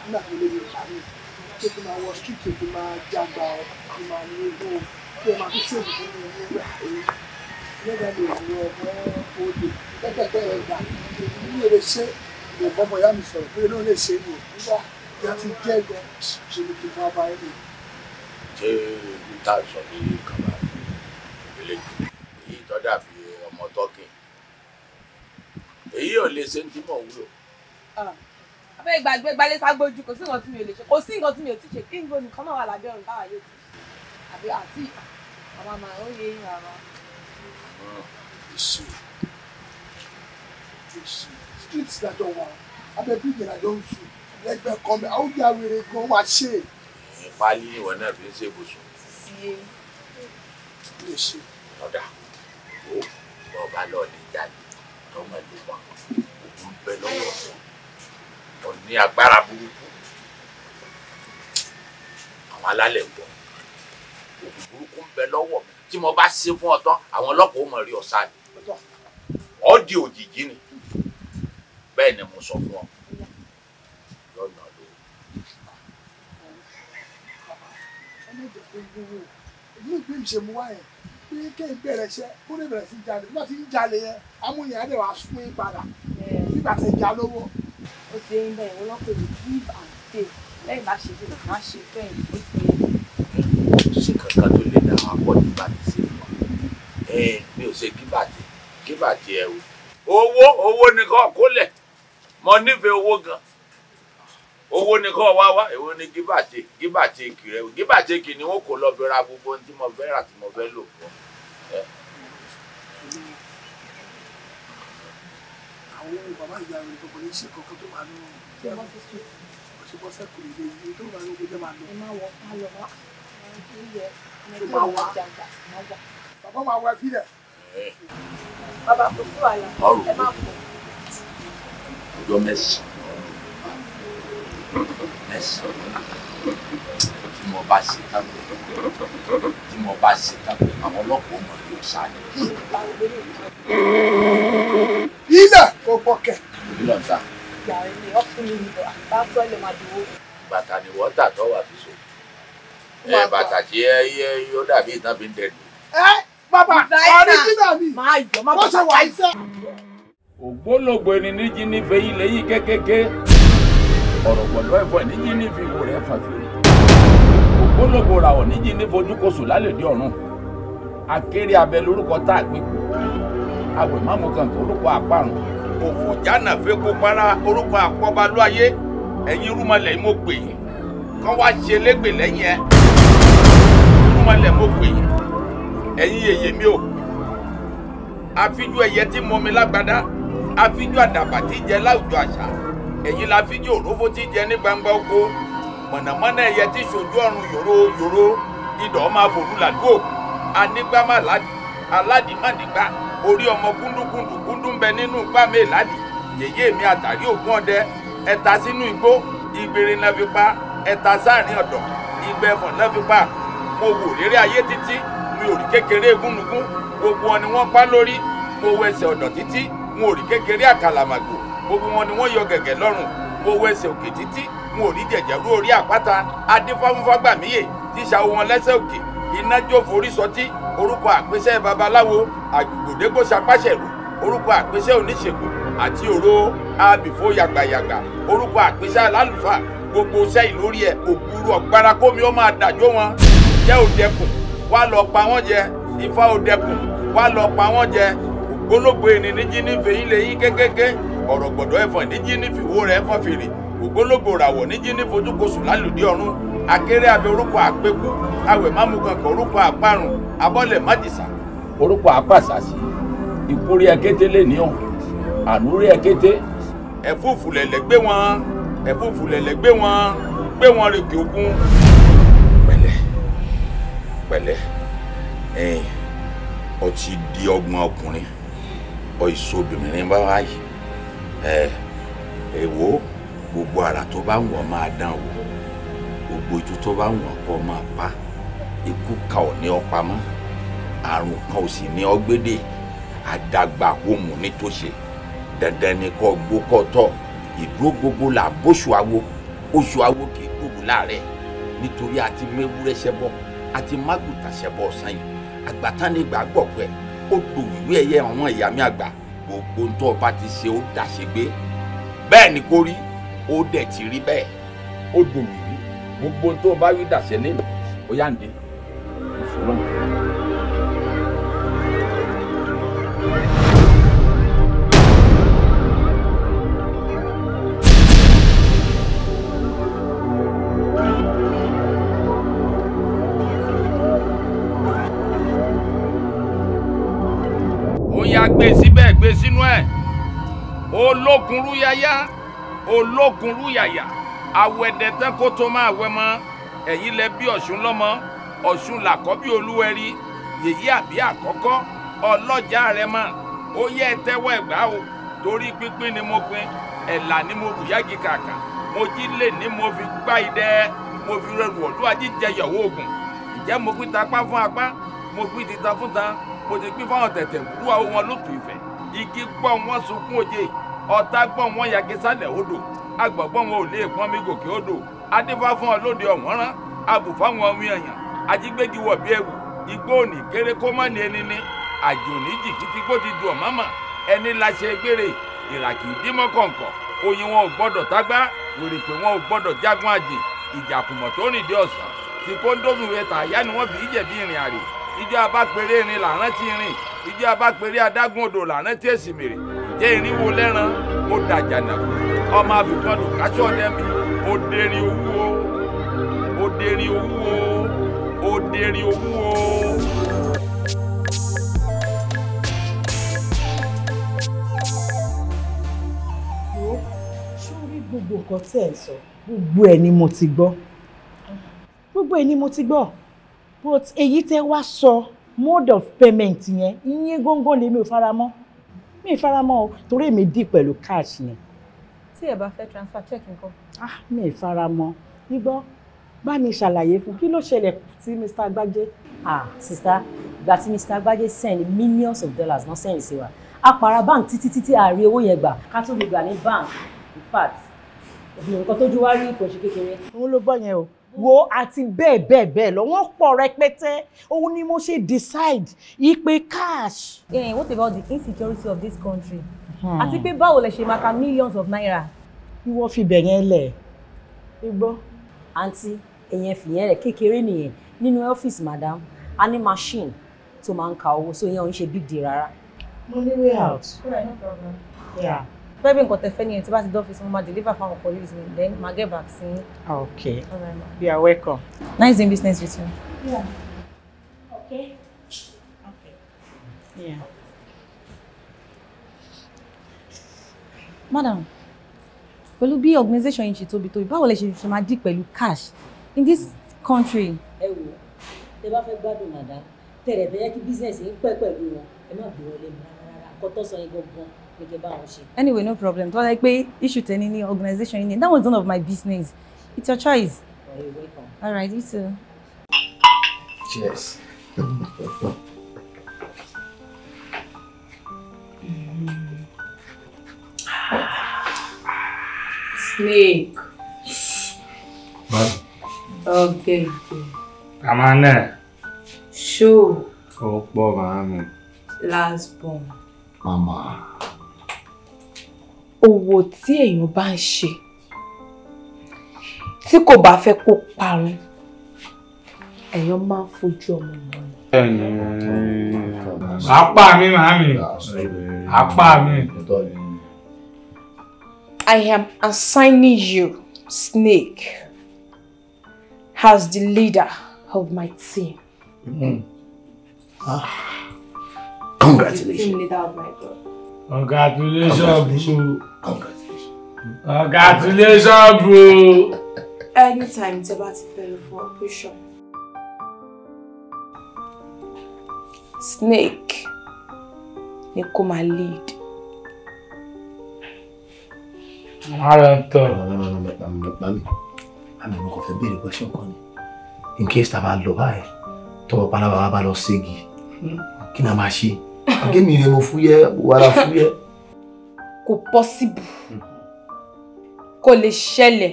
nígbà tó lè yọ sáré tó fi máa wọ street tó máa jàgbá ọ tó máa ní owó tó máa fi ṣòwò fún mi ní ìwé àárín nígbà tó lè yọ ọmọ òde lẹ́gbẹ̀gbẹ̀ ẹ̀gbà ìlú èrè ṣe ìbọ̀mọ̀ yá mi sọ̀rọ̀ pé ló lè ṣe é nù nígbà tí a ti jẹ́ gan ṣe ni kí n máa bá ẹ̀ ṣé ibi tá a sọ ní kan bá fi ìpele jù èyí tó dàbí ọmọ tọ́kì èyí ò lè ṣe ń tí mò ń wúlò. Ah, abẹ́ ìgbàgbé gbalẹ̀ ságbójú kò sí nǹkan tí mi ò lè ṣe kò sí nǹkan tí mi ò ti ṣe kí n gbóni kan náà wà lábẹ́ ọ̀run báwa yóò ti àbí àti àwọn àmà ó yẹ ìhà wa. èsì èsì street ìdájọ́ wa abẹ́bí ìdájọ́ ń sùn lẹ́gbẹ̀ẹ́ kan mi àwọn ìyá wèrè gan wá ṣe é páálí ìwọ náà fi ń ṣe ibùsùn. lè ṣe. ọ̀dà ó bọ́ọ̀bá lọ́ọ̀ lè jáde tọ́mọ ló wà ojú ń bẹ lọ́wọ́ ọ̀ ní agbára burúkú àwọn alálẹ̀ gbọ́ oògùn burúkú ń bẹ lọ́wọ́ tí mo bá ṣe fún ọ tán àwọn ọlọ́pàá ó mọ̀ rí ọ̀sán ni ọ́ di òjijì ni bẹ́ẹ̀ ni mo sọ fún ọ. gbogbo ìlú ìgbé ìṣèmú wáyé pé kéè bẹ̀rẹ̀ iṣẹ́ kó lè bẹ̀rẹ̀ sí jalè nígbà tí ń jalè yẹn amúyẹ̀ á dẹ̀ wá fún yín padà nígbà tẹ̀ já lówó. ó ti ń bẹ̀rẹ̀ wọ́n lọ́pọ̀ èdè give and take lẹ́yìn bá ṣe bẹ̀rẹ̀ má ṣe fẹ́yìn ó ti ń ṣe kankan tó lè dá wọn pọ̀ nígbà tí ṣe mọ̀ ẹ mi ò ṣe kíbàjẹ́ kíbàjẹ́ ẹ o owó owó nìkan kólẹ̀ mo nífẹ̀ẹ́ owó gan-an owó ni kọ́ wá wá èwo ni gíbàtì gíbàtì èkì rẹ gíbàtì èkì ni wọn kò lọ bẹ̀rẹ̀ agbogbo ohun tí mo fẹ́ rà tí mo fẹ́ lò fún ẹ. àwọn bàbá ìyá rẹ tó kọlé ṣe kankan tó máa lọ òṣìbọ sẹkù lè yí tó máa lọ gbẹdẹ máa lọ. máa wọ máa lọ wá tó máa wá bàbá máa wá bí rẹ. bàbá kò tó àlà ẹ má bọ̀. ọjọ́ mẹ́sàn-án mẹ́sàn tí mo bá ṣe tán tí mo bá ṣe tán àwọn ọlọ́pàá ọmọ yóò ṣáájú. ilẹ̀ kò pọ̀kẹ̀. èmi lọ ta. yàrá mi ò fún mi nìbọn bá fẹ́ lè máa dúró. bàtà ni wọ́n tà tọ́wọ́ àfi so ẹ bàtà tí ẹ yẹ yóò dàbí ìtàn fi ń dẹnu. ẹ bàbá ọ̀rẹ́jìnà mi wọ́n ṣe wà á sẹ́. ògbólógbò ẹni níjí nífẹ̀ẹ́ yìí lẹ́yìn kékeré. ọ̀rọ̀gbọ̀dọ̀ ẹ̀fọ́ ẹ̀ níjí ní fi ìwo rẹ̀ ògbólógbò ra ọ̀ níjí ní lálẹ́dí ọ̀run akéré abẹ lórúkọ tá a pè kú àwẹ̀ mámu àparùn òfò fẹ́ kó para orúkọ wá ṣe lẹ́yìn ẹ̀ mi àfijú tí lágbádá àfijú àdàbà tí láwùjọ èyí la fi jẹ́ òrófó tí jẹ ní gbangba oko mọ̀nàmọ́ná ẹyẹ tí sojú ọ̀run yòró yòró idọ̀ máa fòrú làdúgbò anígbàmà aládìmánìgbà orí ọmọ kúndùkúndù kúndù ń bẹ nínú gbàmé ìlàdì yèyé mi àtàrí ògùn ọdẹ ẹ̀ta sínú igbó ìgbèrè náà fi pa ẹ̀ta sáàrin ọ̀dọ̀ ìgbẹ́fọ̀n náà fi pa mo wò réré ayé títí mi ò rí kékeré egúnnugún gbogbo wọn ni wọ́n pa lórí mo wẹsẹ̀ ọ̀dọ̀ títí mo rí kékeré àkàlàmàgbò gbogbo wọn ni wọ́n yọ gẹ̀gẹ̀ lọ́rùn wọ́n wọ ẹsẹ̀ òkè títí wọn ò rí jẹ̀jẹ̀ rú orí àpáta adífáfúnfágbàmíyè tí ṣàwọ wọn lẹ́sẹ̀ òkè iná jó forí sọtí orúkọ àpèsè babaláwo àgbòdégbòsapàṣẹlú orúkọ àpèsè oníṣègùn àti òró abìfó yàgbàyàgbà orúkọ àpèsè alálùfà gbogbo sẹ́yìn lórí ẹ̀ òkúrú ọ̀gbára kómi ó máa dàjọ́ wọn jẹ́ òdẹkùn wá lọ pa wọ́n jẹ ifá òdẹkùn wá lọ pa wọ́n jẹ ògbólógbò ènìní jí ní fèyí lẹ́yìn kékéké ọ̀rọ̀ gbọ̀dọ̀ ẹ̀fọn níjí ní fìwó rẹ̀ ẹ̀fọn fèrè ògbólógbò ràwọ̀ níjí ní fojúkoṣù lálùdí ọ̀run akéré abẹ orúkọ àpékù awẹ mámúkankan orúkọ àparùn abọ́lẹ̀ májìsà orúkọ àpàṣàṣì ìkórè ẹkété lè ní ọ̀hún ànúrí ẹkété. ẹ̀fúùfù lẹ̀lẹ̀ gbé wọn ẹ̀fúùfù lẹ̀lẹ̀ gbé wọn gbé wọn rèké ogun. pẹ̀lẹ́ pẹ̀lẹ́ ẹ̀yin ọtí di ọgbọ́n ọkùnrin ọ̀pọ̀ ìṣó obìnrin bá wáyé ẹ ẹ wo gbogbo ara tó bá wọ̀n máa dán wò gbogbo ojú tó bá wọ̀n kọ́ máa pa ikú ka ò ní ọ pamọ́ àrùn kan ò sì ní ọ gbédè àdàgbà wòmù nítòsí dandan ni kò gbó kò tọ̀ ìdúró gbogbo là bóṣù awo oṣù awo kì í gbòòrò láàrẹ̀ nítorí àti mẹ́wúrẹ́ ṣẹbọ àti mágùtà ṣẹbọ ọ̀sán yìí àgbàtánìgbà gbọ̀pẹ́ odò ìwé ẹ̀yẹ àwọn ìyá mi àgbà gbogbo tó ọba ti ṣe ó dàṣegbé bẹ́ẹ̀ ni kò rí ó dẹ̀ ti rí bẹ́ẹ̀ odò ìwé gbogbo tó ọba wí dàṣẹ́ lẹ́nu ó yá ǹdẹ́ ìfọlọ́yìn. ológunrúyáyá ológunrúyàyà àwẹ̀dẹ̀ tán kó tó máa wẹ mọ́ ẹ̀yìn lẹ bí ọ̀ṣun lọ́mọ ọ̀ṣun làkọ́bí olúwẹ̀rí yèyí àbí àkọ́kọ́ ọlọ́jà rẹ mọ̀ ó yẹ tẹ́wọ́ ẹ̀gbá o torí pínpín ni mo pin ẹ̀là ni mo rù yági kàkà mo jí lè ní mo fi gbá idẹ mo fi rẹrù ọ̀dọ́ ajíjẹ yọ̀wọ́ oògùn ìjẹ́ mo pín tapá fún apá mo pín títa fún ta mo ti pín fáwọn tẹ̀tẹ̀ wúwa wọn lótú ìfẹ́ igi gbọ́ wọn sunkún òjè ọ̀tá gbọ́n wọn yagi sálẹ̀ odò agbọ̀gbọ́n wọn ò lè pọ́n mi gòkè odò adífá fún ọ lóde ọ̀wọ́nrán abùfá wọn ọmọ èèyàn ajígbégi wọ̀ bí ẹ̀wù igbó òní kéré kó má ní ẹni ní àjò níjì títí kó ti du ọ̀mọ́mọ́ ẹni láṣẹ gbére ìràkì ìdímọ́ kọ̀ǹkọ̀ oyin wọn ò gbọ́dọ̀ tágbá wèrè pé wọn ò gbọ́dọ̀ jágun àjè ìjàkùmọ̀ tó rìn dé ọ̀sán tí kóńdóòmù rẹ tààyà ni wọ́n fi í jẹ̀bi ìrìn àrè ìjọ abápẹ̀rẹ̀ ìrìn làrántí ìrìn ìjọ abápẹ̀rẹ̀ adágún odò làrántí èsìmèrè jẹ́ irinwó lẹ́ran mo dàjànà ọmọ àbíkọ́dù káṣọ́ dẹ́mi ó dérí owó ó dérí owó ó dérí owó. gbogbo nǹkan tẹ́ ẹ̀ sọ gbogbo ẹ̀ ni mo ti gbọ́ gbogbo ẹ̀ ni mo ti gbọ́ but èyí tẹ́ wá sọ mode of payment yẹn ìyẹn góńgó lèmi ò fara mọ́ mi ì faramọ́ o torí èmi dì pẹ̀lú cash ni. tí ẹ bá fẹ́ transfer check nǹkan. ah mi ì faramọ́ gbígbọ́ bá mi ṣàlàyé fún kí ló ṣẹlẹ̀ sí Mr. Gbájé. ah sista ìgbà tí Mr. Gbájé send millions of dollars náà send sí wa a para bank títí títí àárín owó yẹn gbà ká tó lè gbà ní bank in fact òfin nǹkan tójú wá rí kò ṣe kékeré. òun ló bọ́ yẹn o wo àti bẹ́ẹ̀ bẹ́ẹ̀ bẹ́ẹ̀ lọ wọ́n pọ̀ rẹpẹtẹ òun ni mo ṣe decide ipe cash. Yeah, what about the insecurity of this country? Hmm. àti pé báwo lè ṣe máa ka millions of naira. wọ́n fi bẹ̀ yẹn lẹ̀. igbó. àǹtí èèyàn fìyẹn rẹ̀ kékeré nìyẹn nínú ọ́fíìsì madam a ní machine tó máa ń ka owó so yẹn ò ń ṣe big deal rárá. mo way out. All Yeah tó bẹ́ẹ̀ bí nǹkan tẹ fẹ́ nìyẹn tí bá ti dé ọ́fíìsì mo máa deliver fáwọn colleagues mi then máa get back sí. Ah, okay you are welcome. nice doing business with you. Yeah. okay. okay. Yeah. madam pẹ̀lú bí organisation yìí ṣe tóbi tóbi báwo lẹ ṣe ṣe máa dì pẹ̀lú cash in this country. ẹ wò tẹ bá fẹ́ gbádùn màdá tẹrẹ fẹ́ kí business yìí pẹ́ pẹ̀lú wọn ẹ má gbé wọlé rárá kọtọ sọ yẹn gangan anyway no problem Like, wáyé you issue tẹ́ni any organization that was none of my business it's your choice. Well, you're welcome. all right you too. cheers. Snake. What? Okay. Come on there. Eh? Show. Oh, boy, Mama. Last bomb. Mama. òwò tí èèyàn bá ń ṣe tí kò bá fẹ́ kó parun èèyàn máa ń fojú ọmọ mọ́ apá mi màámi apá mi. I am assigning you, Snake, as the leader of my team. Mm. Ah. Congratulations. The team leader of my group. Congratulations, bro. Congratulations, bro. Anytime tẹ́ bá ti fẹ́ lọ Push operation. Snake ni kó máa lead. Ara ń tọ̀. Mami, mami, mo kàn fẹ́ béèrè question kan ni. In case ta bá lọ báyìí, tọwọ́ pálábà wa bá lọ ségi, hmm. kí ni a akémi rẹ mo fúyẹ́ wàrà fúyẹ́. kò pọ́síbù kò lè ṣẹlẹ̀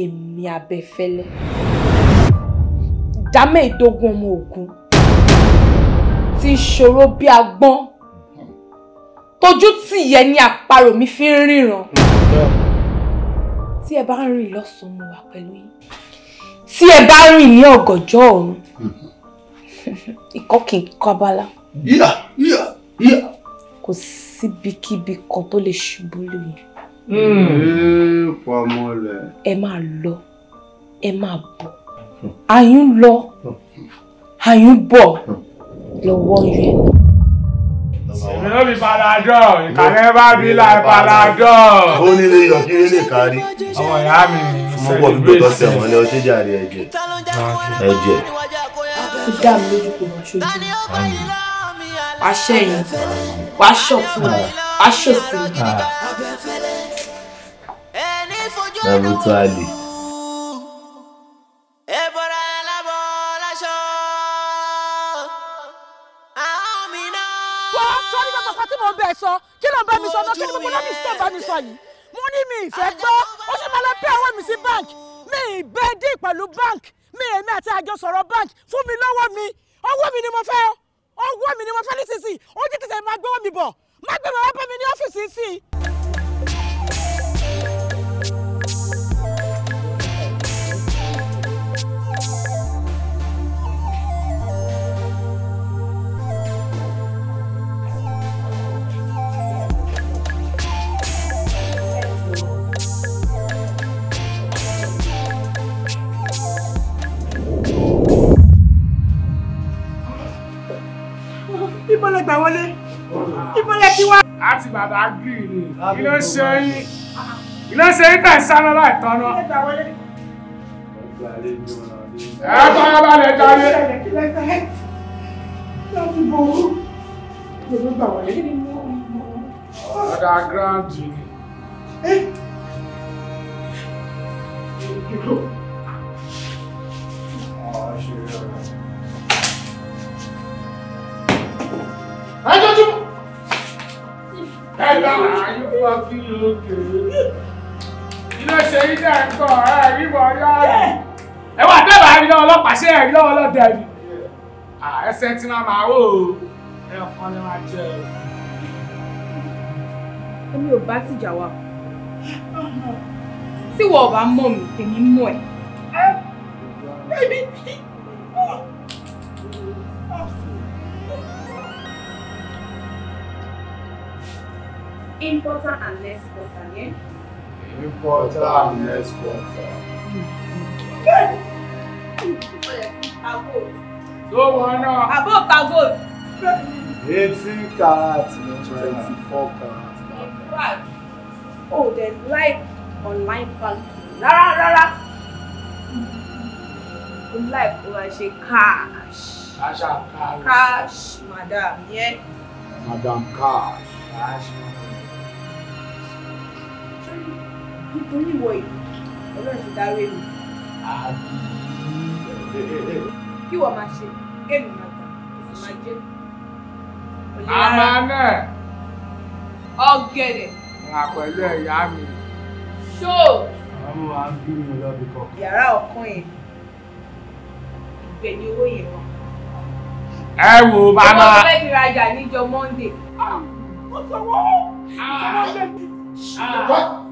èmi abẹ́fẹ́lẹ́ ìdámẹ́ ìdógún ọmọ ogun tí ṣòro bí agbọ́n tójú tìyẹ ni àparò mi fi ń ríran tí ẹ bá ń rìn lọ́sàn-án mo wà pẹ̀lú yín tí ẹ bá rìn ní ọ̀gànjọ́ ọ̀run hmm. ìkọ́kìnkọ́ abala yíyà yíyà yíyà. kò síbikíbi kan tó lè ṣubú lóyún. Hmm. pamọ́lẹ̀. ẹ máa lọ ẹ máa bọ̀ àyùn lọ àyùn bọ̀ lọ́wọ́ yẹn. Ìlóbi Panadol, ìkàlẹ́ bá bí láì Panadol. Ó nílé iyọ̀ kí nílé kárí. Àwọn ìyá mi mo bọ̀ bí gbogbo ọ̀sẹ̀ wọn ni ọtí jàre ẹ̀jẹ̀ ẹ̀jẹ̀. ó dá mi lójú kò mọ̀ ṣojú wà á ṣẹ́yìn wà á ṣọ̀tún wà á ṣòsì. Ah. Nàbùtú Àlè. sọ kí ló ń bá mi sọ náà kí ni mo náà mi sọ bá mi sọ yìí mo ní mi ìfẹ́ gbọ́ ó ṣe máa lọ pé ọwọ́ mi sí bank mi ìbẹ́ dí pẹ̀lú bank mi èmi àti àjọsọ̀rọ̀ bank fún mi lọ́wọ́ mi ọwọ́ mi ni mo fẹ́ o ọwọ́ mi ni mo fẹ́ nísinsìnyí ojú ti sẹ́yìn máa gbé wọ́n mi bọ̀ máa gbé wọn wá bá mi ní ọ́fíìsì sí i. gbà wọlé ìbọn yẹ ti wá. láti bàbá gírì ni iná ṣe yín iná ṣe yín tẹ̀ sáná láì tọ́nà. ẹ fara balẹ̀ jáde. láti bò ó lòdù gbà wọlé. ọ̀dà gíráǹdì ni. ẹjọ́ tí mo. ẹ̀dá àyùbọ̀ kí ló kéré. ilé ṣe ilé ẹ̀kọ́ ẹ̀ríwọ̀ yára. ẹ wà dábàá rí lọ́wọ́ ọlọ́pàá ṣé ẹ̀rí lọ́wọ́ ọlọ́dẹ ni. ẹsẹ̀ tí máa máa wò ó ẹ̀kan ni máa jẹ́ o. èmi ò bá tìjà wa tí wọ́n bá mọ̀ mí tèmi mọ̀ ẹ́. Important and exporter, yeah? Important and less important. Good! So why not? Above our gold. 18 carats, 24 carats. Right. Oh, then like online banking. Rárá, la la. like o wa ṣe cash. Cash cash. Cash, madam, yeah. Madam cash. Cash, madam. torí ìwọ yìí ọlọ́run ti dárí mi. kí wọ́n máa ṣe kéèmì máa gbà kí máa jẹ́. àmà náà. ọ̀gẹ̀dẹ̀. ìhà pẹ̀lú ẹ̀yà mi. ṣó. ọmọ wa ń bí mi lọ́bì kan. yàrá ọ̀kan yẹn ìgbẹ́ ni owó yẹn wà. ẹ wo bàbá. ọmọ fẹ́ẹ́ fi rajà níjọ Monday. Ah. ó sọ wọ́n ó sọ wọ́n lẹ́nu.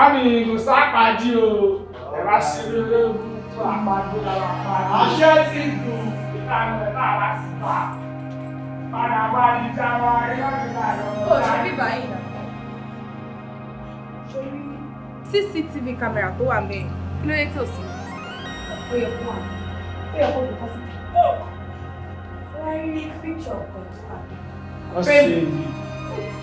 àmì ìgùnsápàdé o ẹ bá ṣe lórí ogun fún àpàdé lára àpàdé. àṣẹ ti gùn ìlànà ẹ̀ náà wá sí CCTV camera tó wà mẹ́rin kí ló dé tí ò sí. ó yẹ kó wà ó yẹ kó kó sí. wọ́n rí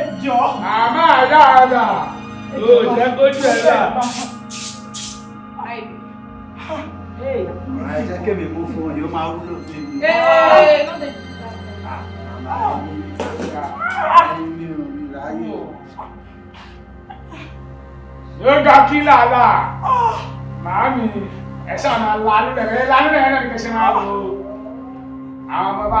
ẹ jọ. àmà àdáàdà yóò jẹ́ kójú ẹ̀ rà. ọ̀rọ̀ ẹ jẹ́ kémi mú fún ọ yóò máa wúlò fún mi. yóò ga kí làlà màámi ẹ ṣáà máa la nílẹ̀ ẹ la náà kẹsàn-án àwọn ọmọ bá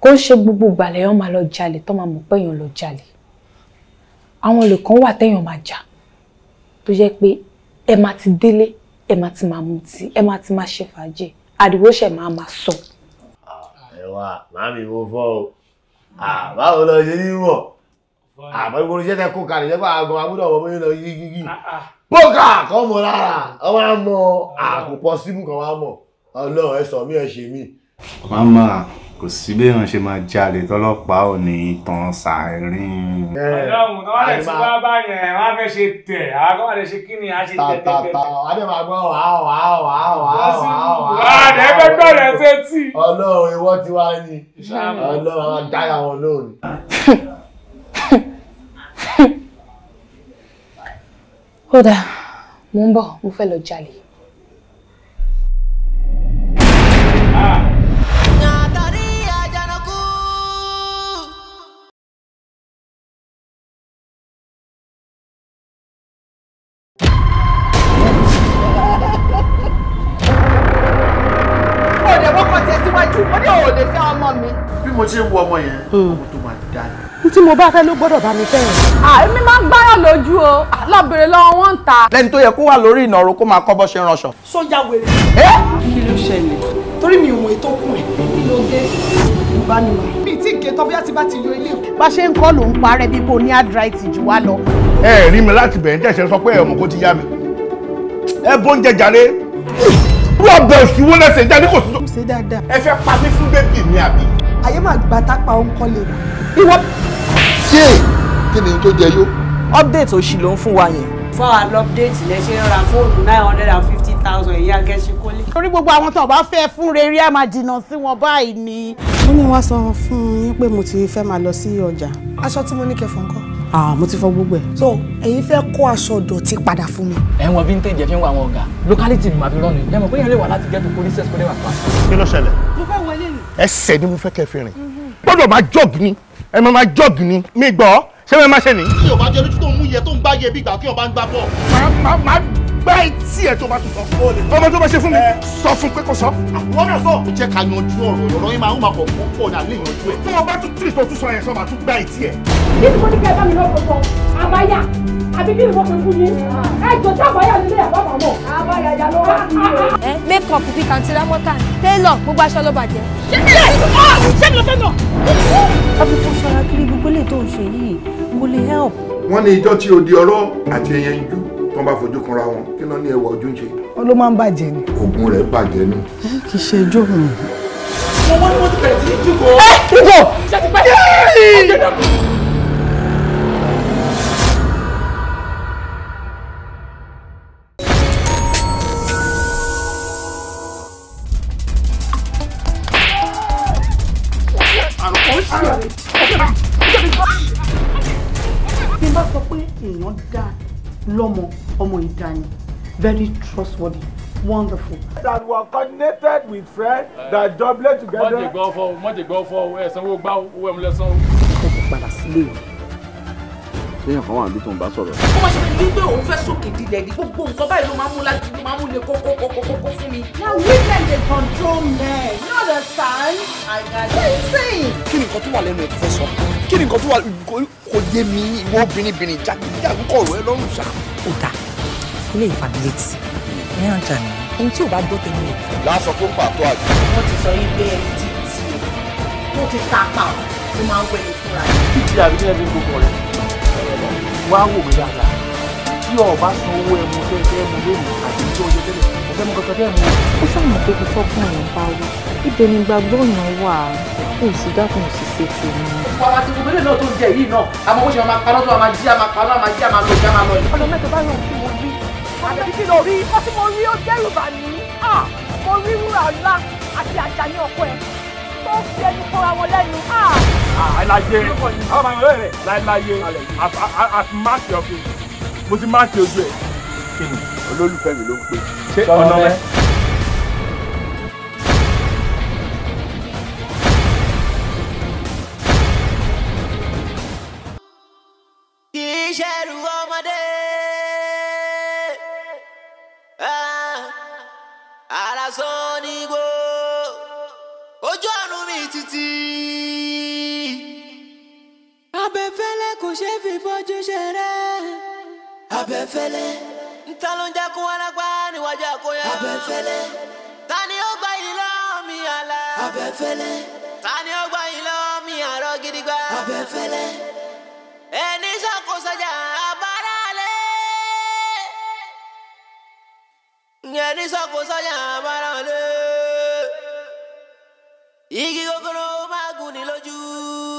kó ń ṣe gbogbo ìgbàlẹ̀ yẹn máa lọ jalè tó máa mọ̀ pé èèyàn lọ jalè àwọn olè kan wà téèyàn máa jà tó jẹ́ pé ẹ máa ti délé ẹ máa ti máa mutí ẹ máa ti máa ṣe fàájì àdìwó ṣẹ̀ máa máa sọ. ẹwà màámi mo fọ o báwo lọ ṣe ní mọ àmọ́ ìgboro iṣẹ́ tẹ kó kalẹ̀ jẹ́ pé àgbọn agbọ́dọ̀ ọmọ mi lọ yí gígí bókà ah, ah. kọ́ mọ lára ọmọ àmọ́ àkùpọ̀ síbù kan wá mọ̀ ọlọ́run ẹ sọ mí ẹ ṣe mí. màmá kò sí béèyàn ṣe máa jalè tọlọ́pàá ò ní tan sàárín. ọlọ́run tó wá lè ti wá báyẹn wá fẹ́ ṣe tẹ̀ àgọ́ àlẹ́ ṣe kí ni a ṣe tẹ̀ tẹ̀ tẹ̀. adé máa gbọ́ wàá wàá wàá wàá wàá wàá. àdé fẹ́ gbọ́dọ̀ ṣe tì. ọlọ́run ìwọ ti wá ní ọlọ́run àwọn wọn lónìí. ó dáa mo ń bọ̀ mo fẹ́ lọ jalè. ọmọ hmm. tó máa dá ni. tí mo bá fẹ́ ló gbọ́dọ̀ bá mi fẹ́ràn. èmi máa ń gbáyà lójú o lọ́bìnrin lọ́wọ́ wọn ń ta. lẹ́ni tó yẹ kó wà lórí ìnàró kó máa kọ́ bọ́ ṣe ránṣọ. sójà wèrè. kí ló ṣẹlẹ̀ torí mi ò mọ ètò kùn ẹ̀ kí ló dé ìbánimọ̀. mi ti gé tọ́ bí a ti bá ti yọ ilé. bá ṣe ń kọ́ ló ń parẹ́ bí kò ní arthritis jù wá lọ. ẹ rí mi láti bẹ̀rẹ̀ tẹ̀sẹ̀ sọ pé ẹ̀ mọ̀ kó ti yá mi ẹ bóúnjẹ jàre wọ́n bẹ̀ òṣìwọ́ lẹ́sẹ̀ jáde kò sí. ẹ fẹ́ pa mí ayé máa gba tápá òǹkọlẹ̀ ìwọ. ṣé kí ni tó jẹ yó. update òṣì ló ń fún wa yẹn. fáwọn update lẹ ṣe ń ra fóònù nine hundred and fifty thousand èyí agẹ́sí kólé. torí gbogbo àwọn tó bá fẹ́ fún rere á máa jìnnà sí wọn báyìí ni. mo ní wá sọ fún yín pé mo ti fẹ́ máa lọ sí ọjà. aṣọ tí mo ní kẹfọ nǹkan. ah mo ti fọ gbogbo ẹ. so ẹ̀yin fẹ́ kó aṣọ ọ̀dọ̀tí padà fún mi. ẹ̀wọ̀n vintage fi ń wá àwọn ọ̀gá locality ni màá fi rọ́ọ̀nù lẹ́mọ̀ pé yẹn lè wà láti gẹ́tù police escort wà pa. kí ló ṣẹlẹ̀ ẹsẹ̀ ni mo fẹ́ kẹ́ fi rìn gbọ́dọ̀ máa jọ́ọ̀gì ni ẹ máa máa jọ́ọ̀gì ni mi gbọ́ ṣé mi máa ṣe ni. kí o bá jẹ lójú tó ń mú yẹ tó ń bá yẹ bí ìgbà kí o bá ń gbá bọ̀. màá màá gbá etí ẹ tó bá tún sọ. ọmọ tó bá ṣe fún mi sọ fún pé kò sọ. àwọn náà sọ. jẹ́ ká yanjú ọ̀rọ̀ ọ̀rọ̀ yín máa ń makọ̀ fún pọ̀ náà lè yanjú ẹ̀. tó o bá tún tún ìtọ́ tún sọ yẹn sọ màá tún gbá etí ẹ. nínú mo ní kí ẹ bá mi lọ́kọ̀ọ́ àbáyà àbí kí ni mo fi fún yín. Ah. ẹ jọ̀ọ́ tí àbáyà nílé ẹ̀ bá bàbá wọ̀ kùbí kàǹtìrà mọ́tà tẹ́lọ̀ gbogbo aṣọ ló bàjẹ́. ṣé mi ló fẹ́ nà. àbùkù ṣara kiri gbogbo lè tó ń ṣe yìí kò lè help. wọ́n ní ijọ́ tí odi ọ̀rọ̀ àti ẹyẹ ń jú tó ń bá fojú kanra wọn kí ló ní ẹwà ojú ń ló máa ń bàjẹ́ ni. oògùn rẹ̀ bàjẹ́ ni. kì í ṣe ijó mi. mo wá ní wọ́n ti bẹ̀rẹ̀ sí í dúkọ̀ọ́. ẹ dúkọ̀. ṣé ti pẹ́ yín very trustworthy wonderful. that we are coordinated with friends uh, that double together. mọ̀jẹ̀ gbọ́ fọ́ mọ̀jẹ̀ gbọ́ fọ́ ẹ̀ sanwó gbá owó ẹ̀mú lẹ́sàn. ó kò padà sílé o. ṣéyàn kan wà níbi tó ń bá sọ̀rọ̀. ó máa ṣe pé nígbà òun fẹ́ sókè dilẹ̀ ní gbogbo nǹkan báyìí ló máa mú láti ló máa mú le kókó kókó kókó fún mi. na women dey control men you understand. àgàdé sìn. kí ni nǹkan tó wà lẹ́nu ẹ̀ tó fẹ́ sọ kí ni nǹkan tó wà kò yé mi ìwọ obìnrin bìnrin jákèjádò kọ̀ọ̀rọ̀ ẹ lọ́rùn ṣá. ó dáa ilé ìfàmìlétì ní àǹjàní ẹni tí ò bá gbọ́ tẹ̀lé rẹ̀. lásán tó ń pàtó àjò. wọ́n ti sọ yín pé ẹni tí tí tó ti ta pa ọ́ ló máa ń wẹ̀ ní fúnra rẹ̀. títí àbí ní ẹbí gbogbo rẹ wá wò mí dáadáa tí ọba san owó ẹmu tó ẹgbẹ́ ẹmu lónìí àti tí ó yẹ tẹ́lẹ̀ ẹgbẹ́ mu kankan tẹ́lẹ̀ mu. ó sọ̀rọ̀ pé kò fọ́gbọ́n èèyàn bá wí ibẹ̀ ni gbàgbọ́ èèyàn wà kò sì dákun sì ṣe tèmi. wàhálà tí gbogbo eléyìí náà tó ń jẹ yìí náà àmọ́ bó ṣe máa parọ́ tó máa jí àmà parọ́ àmà jí àmà lọ jí àmà lọ. ọlọ́mẹ́ta bá yọ̀ kí mo rí àbẹ̀bí kí ló rí ó tí mo rí ó dẹ́rù bà mí mo rí wúrà ọlá àti àjà ní ọkọ ẹ tó fi ẹnu kọra wọn lẹ́nu. àìláyé àwọn ọmọ ìwé rẹ láìláyé àti máàkì ọkùnrin mo ti máàkì ojú ẹ kí ni olólùfẹ́ mi ló ń pè ṣé ọ̀nà rẹ. àràsán ní gbó ojú àánú mi títí. abẹ́fẹ́lẹ́ kò ṣe é fi bọ́jú ṣeré. abẹ́fẹ́lẹ́. níta ló ń jẹ́ kó wárápá níwájú àkóyá. abẹ́fẹ́lẹ́. ta ni ó gba ìlọ mi àlá. abẹ́fẹ́lẹ́. ta ni ó gba ìlọ mi àrọ́ gidigba. abẹ́fẹ́lẹ́. ẹni sọ́kò sọ́jà. nyẹni sọkò sọjà àbára ọlẹ igi gogoro máa gùn ní lójú.